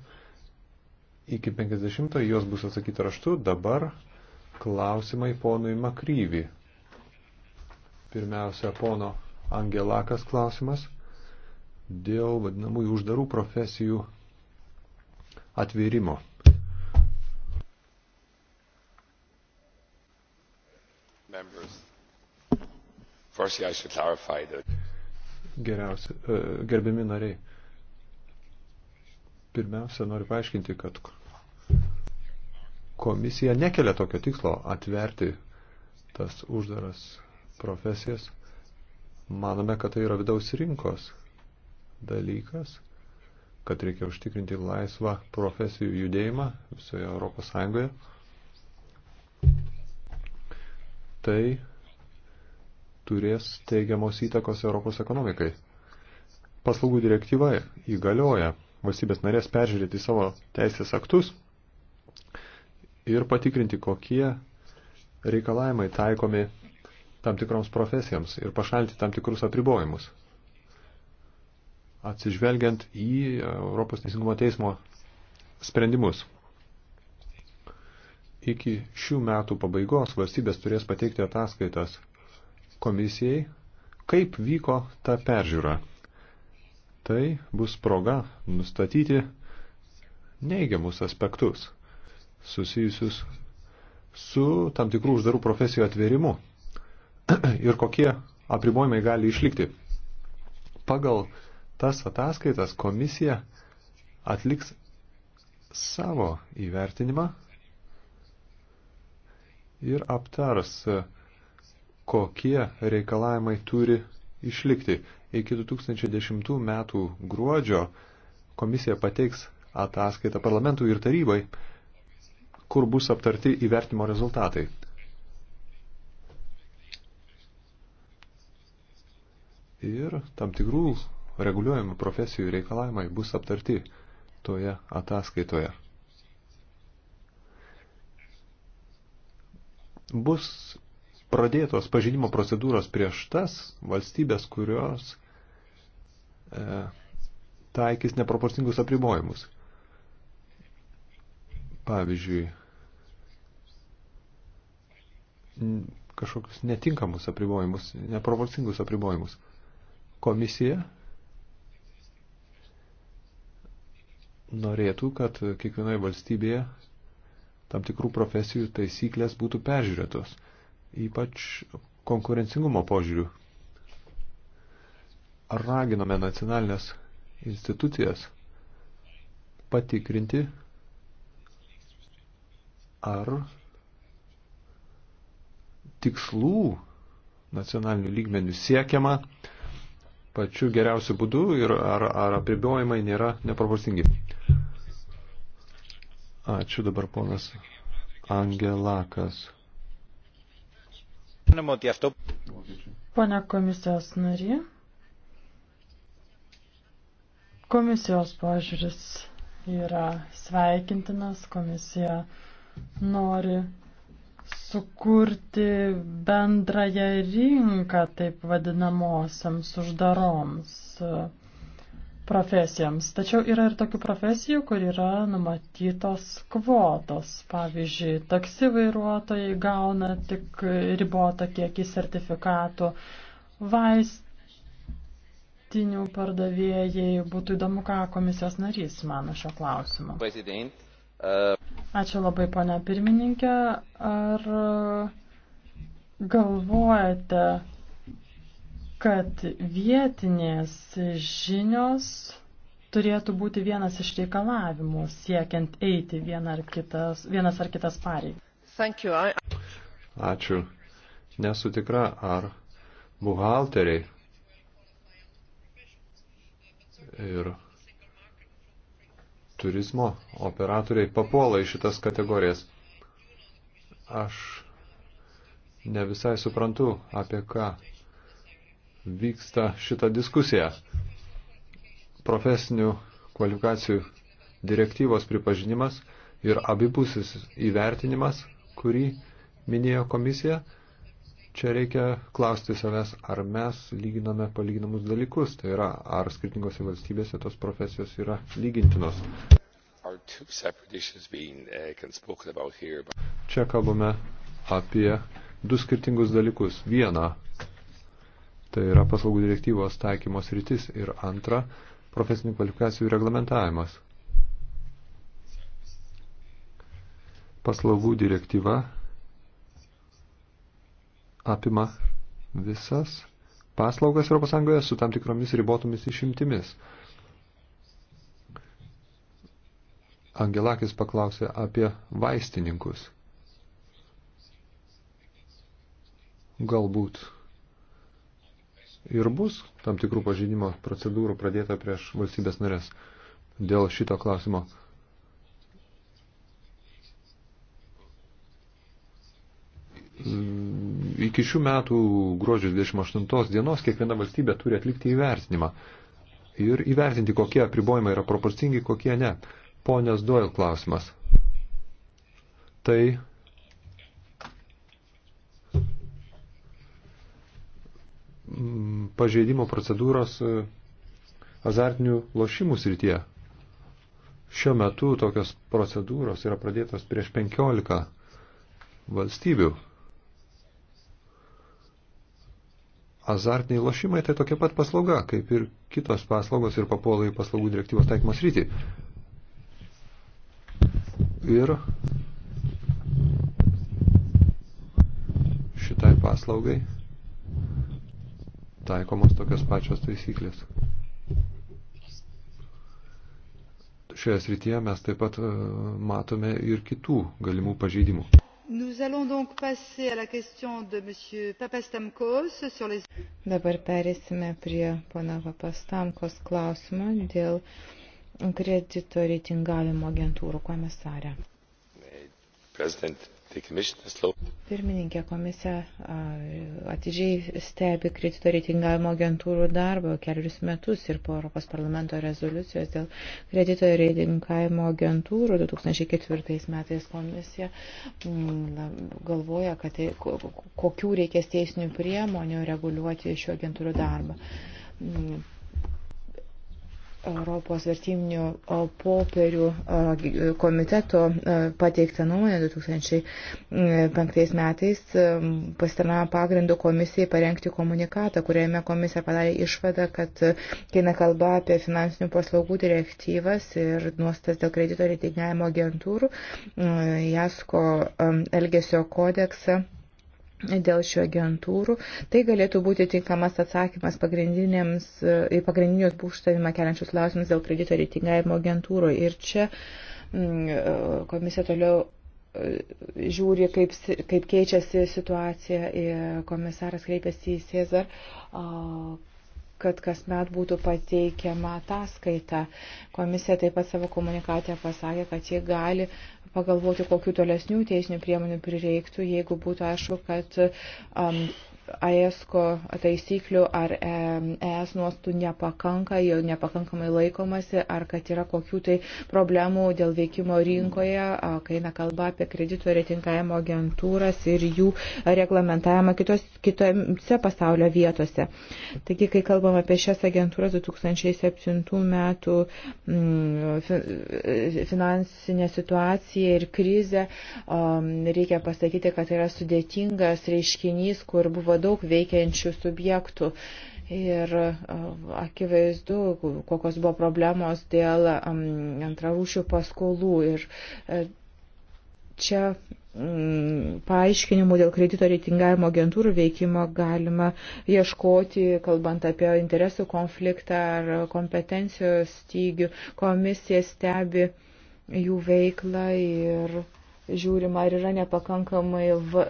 iki 50 jos bus atsakyta raštu, dabar Klausimai ponui Makryvi. Pirmiausia, pono Angelakas klausimas dėl vadinamųjų uždarų profesijų atvėrimo. Geriausia, e, gerbiami nariai, pirmiausia, noriu paaiškinti, kad komisija nekelia tokio tikslo atverti tas uždaras profesijas. Manome, kad tai yra vidaus rinkos dalykas, kad reikia užtikrinti laisvą profesijų judėjimą visoje Europos Sąjungoje. Tai turės teigiamos įtakos Europos ekonomikai. Paslaugų direktyva įgalioja valstybės narės peržiūrėti savo teisės aktus ir patikrinti, kokie reikalavimai taikomi tam tikroms profesijams ir pašalinti tam tikrus apribojimus. Atsižvelgiant į e, Europos teisingumo teismo sprendimus. Iki šių metų pabaigos valstybės turės pateikti ataskaitas komisijai, kaip vyko ta peržiūra. Tai bus proga nustatyti neigiamus aspektus susijusius su tam tikrų uždarų profesijų atvėrimu ir kokie apribojimai gali išlikti. Pagal tas ataskaitas komisija atliks savo įvertinimą ir aptars, kokie reikalavimai turi išlikti. Iki 2010 metų gruodžio komisija pateiks ataskaitą parlamentui ir tarybai kur bus aptarti įvertimo rezultatai. Ir tam tikrų reguliuojamų profesijų reikalavimai bus aptarti toje ataskaitoje. Bus pradėtos pažinimo procedūros prieš tas valstybės, kurios e, taikys neproporcingus apribojimus. Pavyzdžiui, kažkokius netinkamus apribojimus, neproporcingus apribojimus. Komisija norėtų, kad kiekvienoje valstybėje tam tikrų profesijų taisyklės būtų peržiūrėtos, ypač konkurencingumo požiūrių. Ar raginome nacionalinės institucijas patikrinti, ar tikslų nacionalinių lygmenių siekiama pačiu geriausiu būdu ir ar, ar apribojimai nėra neproporcingi. Ačiū dabar ponas Angelakas. Pane komisijos nari, komisijos požiūris yra sveikintinas, komisija nori sukurti bendrąją rinką taip vadinamosiams uždaroms e, profesijoms. Tačiau yra ir tokių profesijų, kur yra numatytos kvotos. Pavyzdžiui, taksi vairuotojai gauna tik ribotą kiekį sertifikatų, vaistinių pardavėjai. Būtų įdomu, ką komisijos narys mano šio klausimu. President. Ačiū labai, ponia pirmininkė. Ar galvojate, kad vietinės žinios turėtų būti vienas iš reikalavimų siekiant eiti vieną ar kitas, vienas ar kitas pareigas? Ačiū. Nesu tikra, ar buhalteriai ir turizmo operatoriai papuola į šitas kategorijas. Aš ne visai suprantu, apie ką vyksta šita diskusija. Profesinių kvalifikacijų direktyvos pripažinimas ir abipusis įvertinimas, kurį minėjo komisija, čia reikia klausti savęs, ar mes lyginame palyginamus dalykus, tai yra, ar skirtingose valstybėse tos profesijos yra lygintinos. Uh, Čia kalbame apie du skirtingus dalykus. Viena, tai yra paslaugų direktyvos taikymos rytis ir antra, profesinių kvalifikacijų reglamentavimas. Paslaugų direktyva apima visas paslaugas ES su tam tikromis ribotomis išimtimis. Angelakis paklausė apie vaistininkus. Galbūt ir bus tam tikrų pažydimo procedūrų pradėta prieš valstybės narės dėl šito klausimo. Iki šių metų gruodžio 28 dienos kiekviena valstybė turi atlikti įvertinimą ir įvertinti, kokie apribojimai yra proporcingi, kokie ne. Ponios Doyle klausimas. Tai pažeidimo procedūros e, azartinių lošimų srityje. Šiuo metu tokios procedūros yra pradėtos prieš 15 valstybių. Azartiniai lošimai tai tokia pat paslauga, kaip ir kitos paslaugos ir papuola į paslaugų direktyvos taikymas rytį ir šitai paslaugai taikomos tokios pačios taisyklės. Šioje srityje mes taip pat e, matome ir kitų galimų pažeidimų. Dabar perėsime prie pana Papastamkos klausimo dėl kredito reitingavimo agentūrų komisarė. President. Pirmininkė komisija atidžiai stebi kredito reitingavimo agentūrų darbą kelius metus ir po Europos parlamento rezoliucijos dėl kredito reitingavimo agentūrų 2004 metais komisija mm, galvoja, kad tai, kokių reikės teisinių priemonių reguliuoti šių agentūrų darbą mm, Europos vertybinių popierių komiteto pateiktą nuomonę 2005 metais pasitarnavo pagrindu komisijai parengti komunikatą, kuriame komisija padarė išvadą, kad kai nekalba apie finansinių paslaugų direktyvas ir nuostas dėl kredito reitingavimo agentūrų, JASKO elgesio kodeksą dėl šių agentūrų. Tai galėtų būti tinkamas atsakymas e, į pagrindinius būkštavimą keliančius klausimus dėl kredito reitingavimo agentūrų. Ir čia mm, e, komisija toliau e, žiūri, kaip, kaip keičiasi situacija. Komisaras kreipėsi į Cezar kad kasmet būtų pateikiama ataskaita. Komisija taip pat savo komunikatė pasakė, kad jie gali uh, pagalvoti, kokiu tolesnių teisinių priemonių prireiktų, jeigu būtų aišku, kad um, AESCO taisyklių ar ES e nuostų nepakanka, jau nepakankamai laikomasi, ar kad yra kokių tai problemų dėl veikimo rinkoje, kai eina kalba apie kredito retinkavimo agentūras ir jų reglamentavimą kitos, kitose pasaulio vietose. Taigi, kai kalbam apie šias agentūras 2007 metų mm, finansinę situaciją ir krizę, reikia pasakyti, kad tai yra sudėtingas reiškinys, kur buvo buvo daug veikiančių subjektų. Ir akivaizdu, kokios buvo problemos dėl antrarūšių paskolų. Ir e, čia paaiškinimų dėl kredito reitingavimo agentūrų veikimo galima ieškoti, kalbant apie interesų konfliktą ar kompetencijos stygių. Komisija stebi jų veiklą ir žiūrima, ar yra nepakankamai va,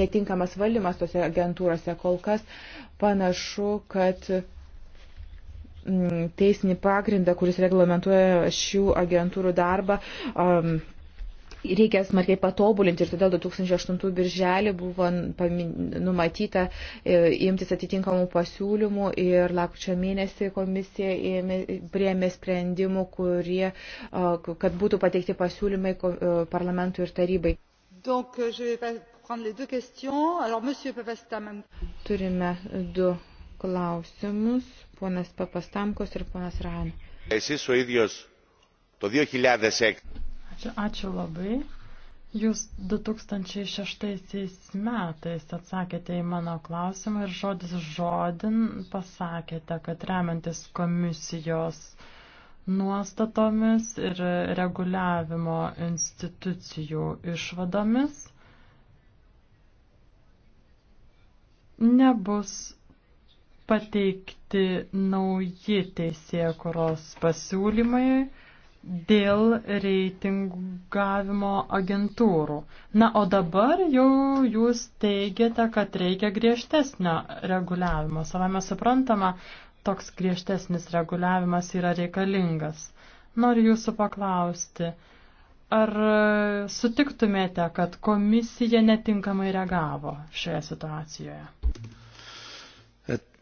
netinkamas valdymas tose agentūrose. Kol kas panašu, kad mm, teisinį pagrindą, kuris reglamentuoja šių agentūrų darbą, um, reikia smarkiai patobulinti ir todėl 2008 birželį buvo numatyta e, imtis atitinkamų pasiūlymų ir lakčio mėnesį komisija priėmė sprendimų, kurie, kad būtų pateikti pasiūlymai e, parlamentui ir tarybai. Donc, euh, Alors, Turime du klausimus, ponas Papastamkos ir ponas Ran. Esis o ίδιος το 2006 Ačiū, ačiū labai. Jūs 2006 metais atsakėte į mano klausimą ir žodis žodin pasakėte, kad remiantis komisijos nuostatomis ir reguliavimo institucijų išvadomis nebus pateikti nauji teisėkuros pasiūlymai dėl reitingavimo agentūrų. Na, o dabar jau jūs teigiate, kad reikia griežtesnio reguliavimo. Savame suprantama, toks griežtesnis reguliavimas yra reikalingas. Noriu jūsų paklausti, ar sutiktumėte, kad komisija netinkamai reagavo šioje situacijoje?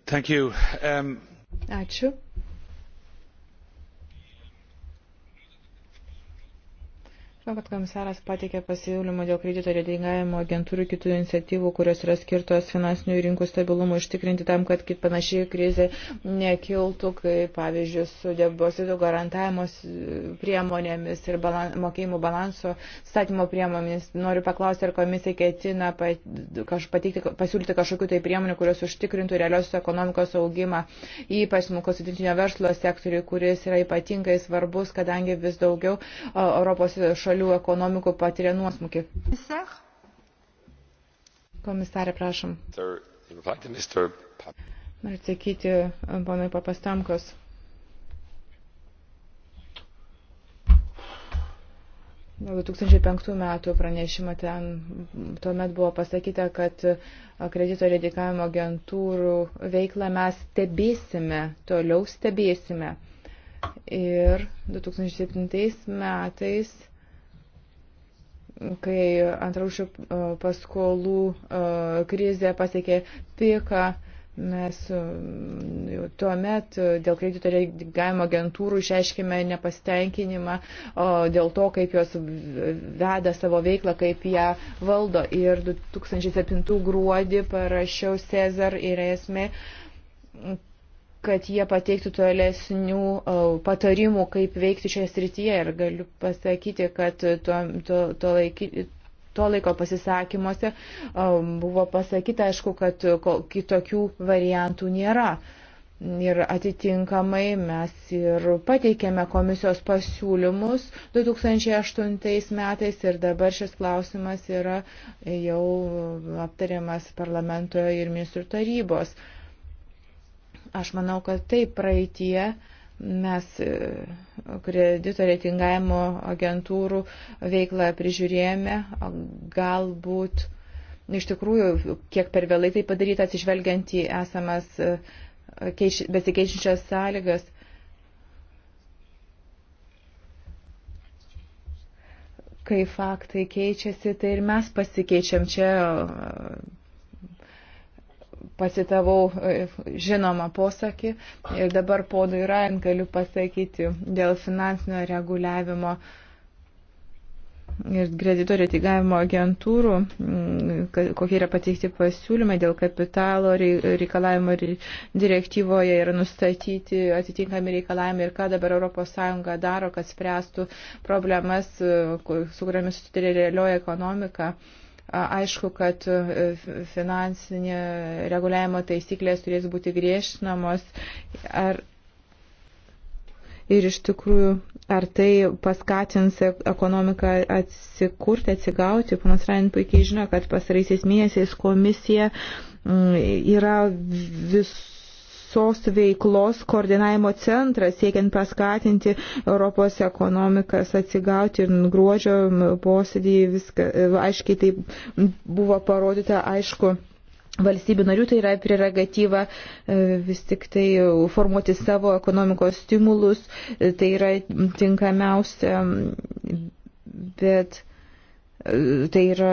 Thank you. Um... Ačiū. Žinau, kad komisaras pateikė pasiūlymų dėl kredito reitingavimo agentūrų kitų iniciatyvų, kurios yra skirtos finansinių rinkų stabilumui užtikrinti tam, kad kit panašiai krizė nekiltų, kaip pavyzdžiui, su depositų garantavimo priemonėmis ir balan, mokėjimų balanso statymo priemonėmis. Noriu paklausti, ar komisija ketina pateikti, pasiūlyti kažkokiu tai priemonių, kurios užtikrintų realios ekonomikos augimą, ypač smulkos vidutinio verslo sektoriui, kuris yra ypatingai svarbus, kadangi vis daugiau Europos šalių šalių ekonomikų patiria nuosmukį. Komisarė, prašom. Noriu atsakyti ponui Papastamkos. Nuo 2005 metų pranešimo ten tuomet buvo pasakyta, kad kredito redikavimo agentūrų veiklą mes stebėsime, toliau stebėsime. Ir 2007 metais kai antraušių e, paskolų e, krizė pasiekė piką. Mes e, tuo met dėl kredito reagavimo agentūrų išreiškime nepasitenkinimą dėl to, kaip jos veda savo veiklą, kaip ją valdo. Ir 2007 gruodį parašiau Cezar ir esmė kad jie pateiktų tolesnių e, patarimų, kaip veikti šioje srityje. Ir galiu pasakyti, kad tuo, tuo, tuo laikyti to laiko pasisakymuose e, buvo pasakyta, aišku, kad kitokių variantų nėra. Ir atitinkamai mes ir pateikėme komisijos pasiūlymus 2008 metais ir dabar šis klausimas yra jau aptariamas parlamentoje ir ministrų tarybos. Uh, Aš manau, kad taip praeitie mes e, kredito reitingavimo agentūrų veiklą prižiūrėjome, galbūt iš tikrųjų kiek per vėlai tai padaryta atsižvelgiant į esamas e, keiš, besikeičiančias sąlygas. Kai faktai keičiasi, tai ir mes pasikeičiam čia pasitavau e, žinomą posakį ir dabar podui Ryan galiu pasakyti dėl finansinio reguliavimo ir kredito reitingavimo agentūrų, kokie yra pateikti pasiūlymai dėl kapitalo reikalavimo direktyvoje yra nustatyti atitinkami reikalavimai ir ką dabar ES daro, kad spręstų problemas, e, su kuriamis sutarė realioji ekonomika. Aišku, kad e, finansinė reguliavimo taisyklės turės būti griežtinamos. Ar ir iš tikrųjų, ar tai paskatins e, ekonomiką atsikurti, atsigauti. Panas Rain puikiai žino, kad pasaraisiais mėnesiais komisija yra vis visos veiklos koordinavimo centras, siekiant paskatinti Europos ekonomikas atsigauti ir gruodžio posėdį viską, aiškiai tai buvo parodyta, aišku valstybių narių tai yra prerogatyva e, vis tik tai formuoti savo ekonomikos stimulus, e, tai yra tinkamiausia, bet tai yra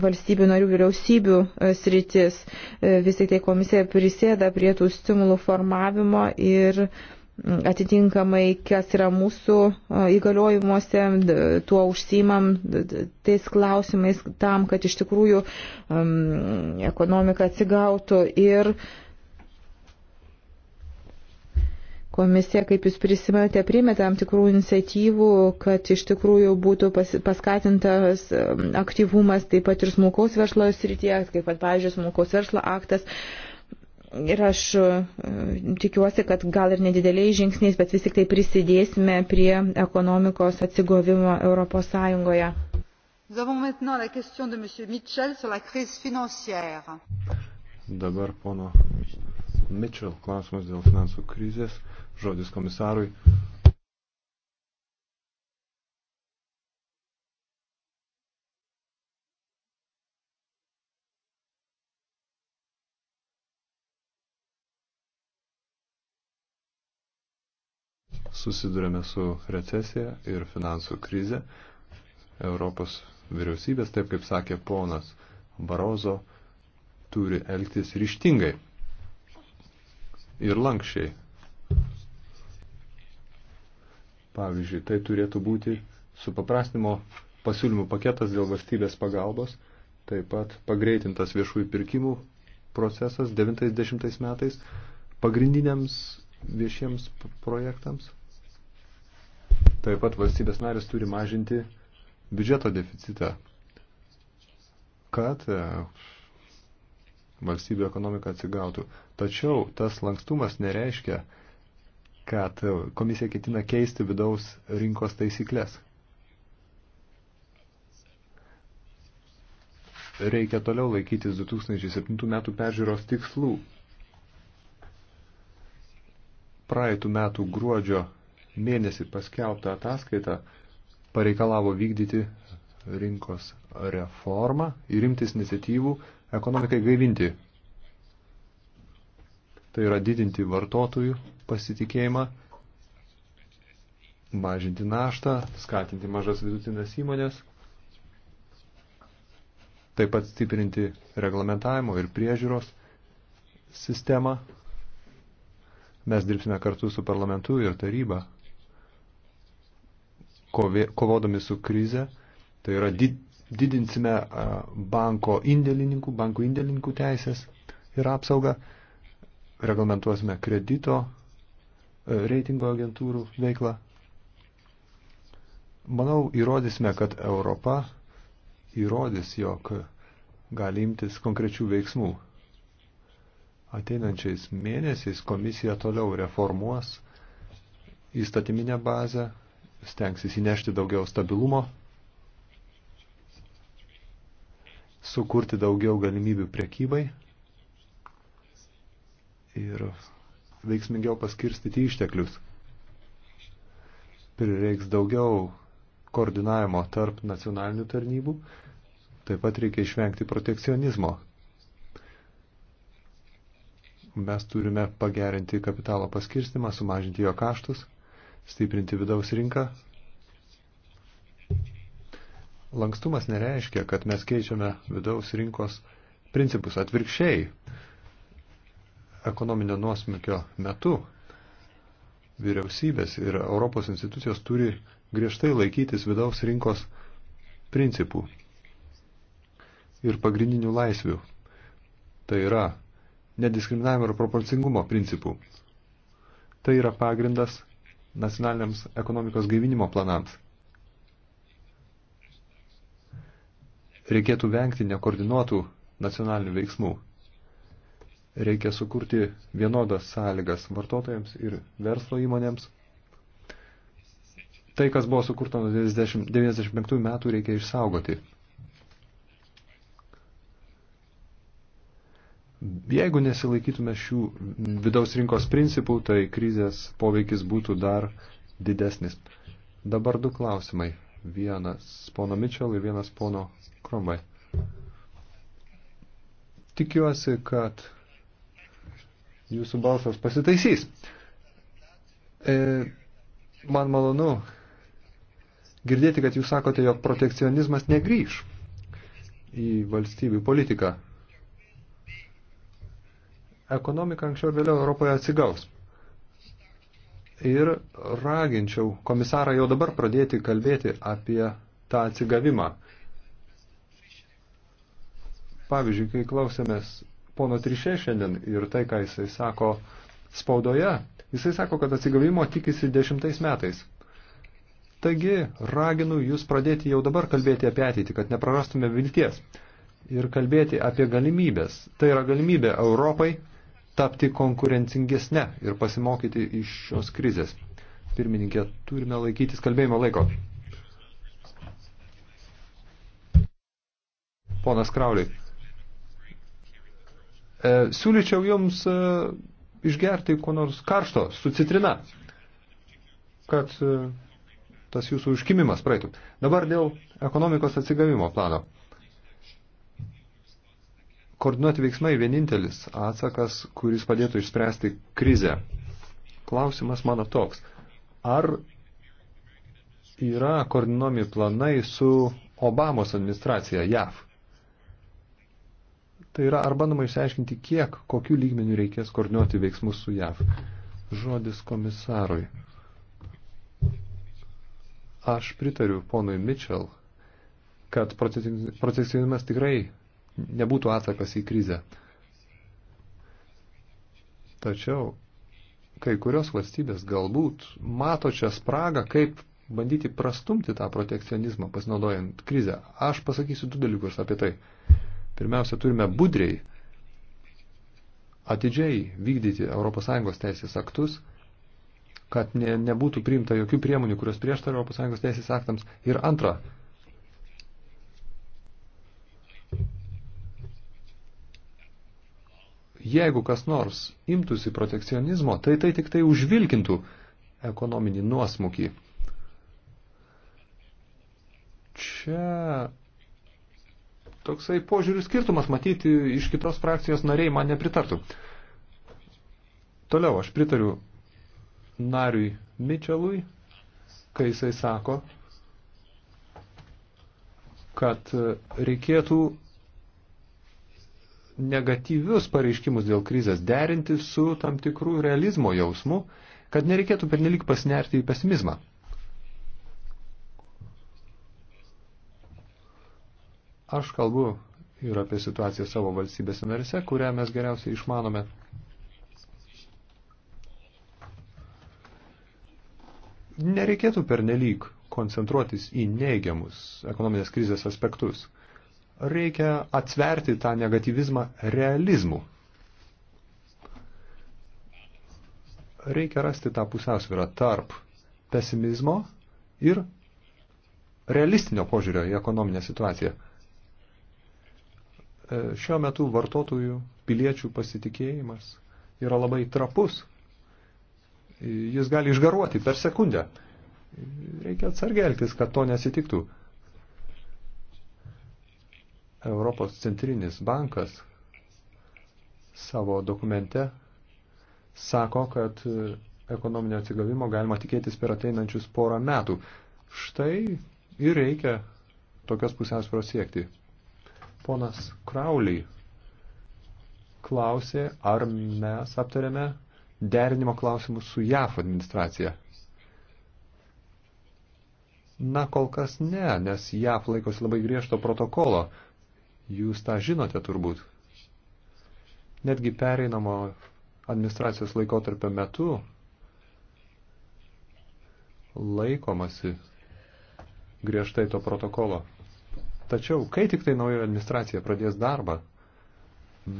valstybių narių vyriausybių e, sritis. E, Vis tik tai komisija prisėda prie tų stimulų formavimo ir atitinkamai, kas yra mūsų e, įgaliojimuose, tuo užsimam tais klausimais tam, kad iš tikrųjų um, ekonomika atsigautų ir uh, Komisija, kaip jūs prisimate, priėmė tam tikrų iniciatyvų, kad iš tikrųjų būtų pas, paskatintas um, aktyvumas taip pat ir smulkaus verslo srityje, kaip pat, pavyzdžiui, smulkaus verslo aktas. Ir aš um, tikiuosi, kad gal ir nedideliais žingsniais, bet vis tik tai prisidėsime prie ekonomikos atsigovimo Europos Sąjungoje. Dabar pono Mitchell klausimas dėl finansų krizės. Žodis komisarui. Susidurėme su recesija ir finansų krize. Europos vyriausybės, taip kaip sakė ponas Barozo, turi elgtis ryštingai ir lankščiai. Pavyzdžiui, tai turėtų būti supaprastinimo pasiūlymų paketas dėl valstybės pagalbos, taip pat pagreitintas viešųjų pirkimų procesas 90 metais pagrindiniams viešiems projektams. Taip pat valstybės narės turi mažinti biudžeto deficitą, kad valstybių ekonomika atsigautų. Tačiau tas lankstumas nereiškia, kad komisija ketina keisti vidaus rinkos taisyklės. Reikia toliau laikytis 2007 metų peržiūros tikslų. Praeitų metų gruodžio mėnesį paskelbtą ataskaitą pareikalavo vykdyti rinkos reformą ir imtis iniciatyvų ekonomikai gaivinti. Tai yra didinti vartotojų pasitikėjimą, mažinti naštą, skatinti mažas vidutinės įmonės, taip pat stiprinti reglamentavimo ir priežiūros sistemą. Mes dirbsime kartu su parlamentu ir taryba, kovodami su krize. Tai yra did, didinsime banko indėlininkų, bankų indėlininkų teisės ir apsaugą, reglamentuosime kredito reitingo agentūrų veiklą. Manau, įrodysime, kad Europa įrodys, jog gali imtis konkrečių veiksmų. Ateinančiais mėnesiais komisija toliau reformuos įstatyminę bazę, stengsis įnešti daugiau stabilumo sukurti daugiau galimybių prekybai ir veiksmingiau paskirstyti išteklius. Prireiks daugiau koordinavimo tarp nacionalinių tarnybų, taip pat reikia išvengti protekcionizmo. Mes turime pagerinti kapitalo paskirstimą, sumažinti jo kaštus, stiprinti vidaus rinką Lankstumas nereiškia, kad mes keičiame vidaus rinkos principus. Atvirkščiai, ekonominio nuosmukio metu vyriausybės ir Europos institucijos turi griežtai laikytis vidaus rinkos principų ir pagrindinių laisvių. Tai yra nediskriminavimo ir proporcingumo principų. Tai yra pagrindas nacionaliniams ekonomikos gaivinimo planams. Reikėtų vengti nekoordinuotų nacionalinių veiksmų. Reikia sukurti vienodas sąlygas vartotojams ir verslo įmonėms. Tai, kas buvo sukurta nuo 1995 metų, reikia išsaugoti. Jeigu nesilaikytume šių vidaus rinkos principų, tai krizės poveikis būtų dar didesnis. Dabar du klausimai vienas pono Mitchell ir vienas pono Krombai. Tikiuosi, kad jūsų balsas pasitaisys. E, man malonu girdėti, kad jūs sakote, jog protekcionizmas negrįž į valstybių politiką. Ekonomika anksčiau ir vėliau Europoje atsigaus ir raginčiau komisarą jau dabar pradėti kalbėti apie tą atsigavimą. Pavyzdžiui, kai klausėmės pono Trišė šiandien ir tai, ką jisai sako spaudoje, jisai sako, kad atsigavimo tikisi dešimtais metais. Taigi, raginu jūs pradėti jau dabar kalbėti apie ateitį, kad neprarastume vilties ir kalbėti apie galimybės. Tai yra galimybė Europai tapti konkurencingesne ir pasimokyti iš šios krizės. Pirmininkė, turime laikytis kalbėjimo laiko. Ponas Krauliai, e, siūlyčiau jums e, išgerti ko nors karšto su citrina, kad e, tas jūsų užkimimas praeitų. Dabar dėl ekonomikos atsigavimo plano. Koordinuoti veiksmai vienintelis atsakas, kuris padėtų išspręsti krizę. Klausimas mano toks. Ar yra koordinuomi planai su Obamos administracija JAV? Tai yra, ar bandoma išsiaiškinti, kiek, kokiu lygmeniu reikės koordinuoti veiksmus su JAV? Žodis komisarui. Aš pritariu ponui Mitchell, kad protekcionizmas tikrai nebūtų atsakas į krizę. Tačiau kai kurios valstybės galbūt mato čia spragą, kaip bandyti prastumti tą protekcionizmą pasinaudojant krizę. Aš pasakysiu du dalykus apie tai. Pirmiausia, turime budriai atidžiai vykdyti ES teisės aktus, kad ne, nebūtų priimta jokių priemonių, kurios prieštarauja ES teisės aktams. Ir antra, jeigu kas nors imtųsi protekcionizmo, tai tai tik tai užvilkintų ekonominį nuosmukį. Čia toksai požiūrių skirtumas matyti iš kitos frakcijos nariai man nepritartų. Toliau aš pritariu nariui Mičelui, kai jisai sako, kad reikėtų negatyvius pareiškimus dėl krizės derinti su tam tikrų realizmo jausmu, kad nereikėtų pernelik pasinerti į pesimizmą. Aš kalbu ir apie situaciją savo valstybės narise, kurią mes geriausiai išmanome. Nereikėtų pernelyg koncentruotis į neigiamus ekonominės krizės aspektus – reikia atsverti tą negativizmą realizmu. Reikia rasti tą pusiausvyrą tarp pesimizmo ir realistinio požiūrio į ekonominę situaciją. E, šiuo metu vartotojų piliečių pasitikėjimas yra labai trapus. Jis gali išgaruoti per sekundę. Reikia atsargeltis, kad to nesitiktų. Europos centrinis bankas savo dokumente sako, kad ekonominio atsigavimo galima tikėtis per ateinančius porą metų. Štai ir reikia tokios pusiausvėros siekti. Ponas Krauliai klausė, ar mes aptarėme derinimo klausimus su JAF administracija. Na, kol kas ne, nes JAF laikosi labai griežto protokolo Jūs tą žinote turbūt. Netgi pereinamo administracijos laikotarpio metu laikomasi griežtai to protokolo. Tačiau, kai tik tai naujoji administracija pradės darbą,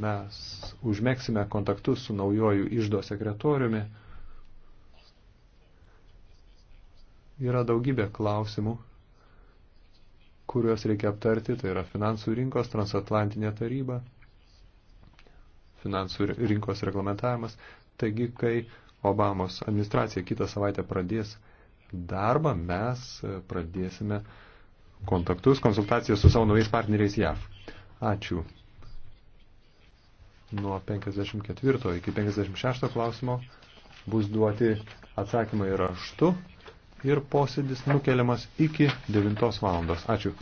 mes užmėgsime kontaktus su naujoju išdo sekretoriumi. Yra daugybė klausimų, kuriuos reikia aptarti, tai yra finansų rinkos, transatlantinė taryba, finansų rinkos reglamentavimas. Taigi, kai Obamos administracija kitą savaitę pradės darbą, mes pradėsime kontaktus, konsultacijas su savo naujais partneriais JAV. Ačiū. Nuo 54 iki 56 klausimo bus duoti atsakymai raštu ir posėdis nukeliamas iki 9 valandos. Ačiū.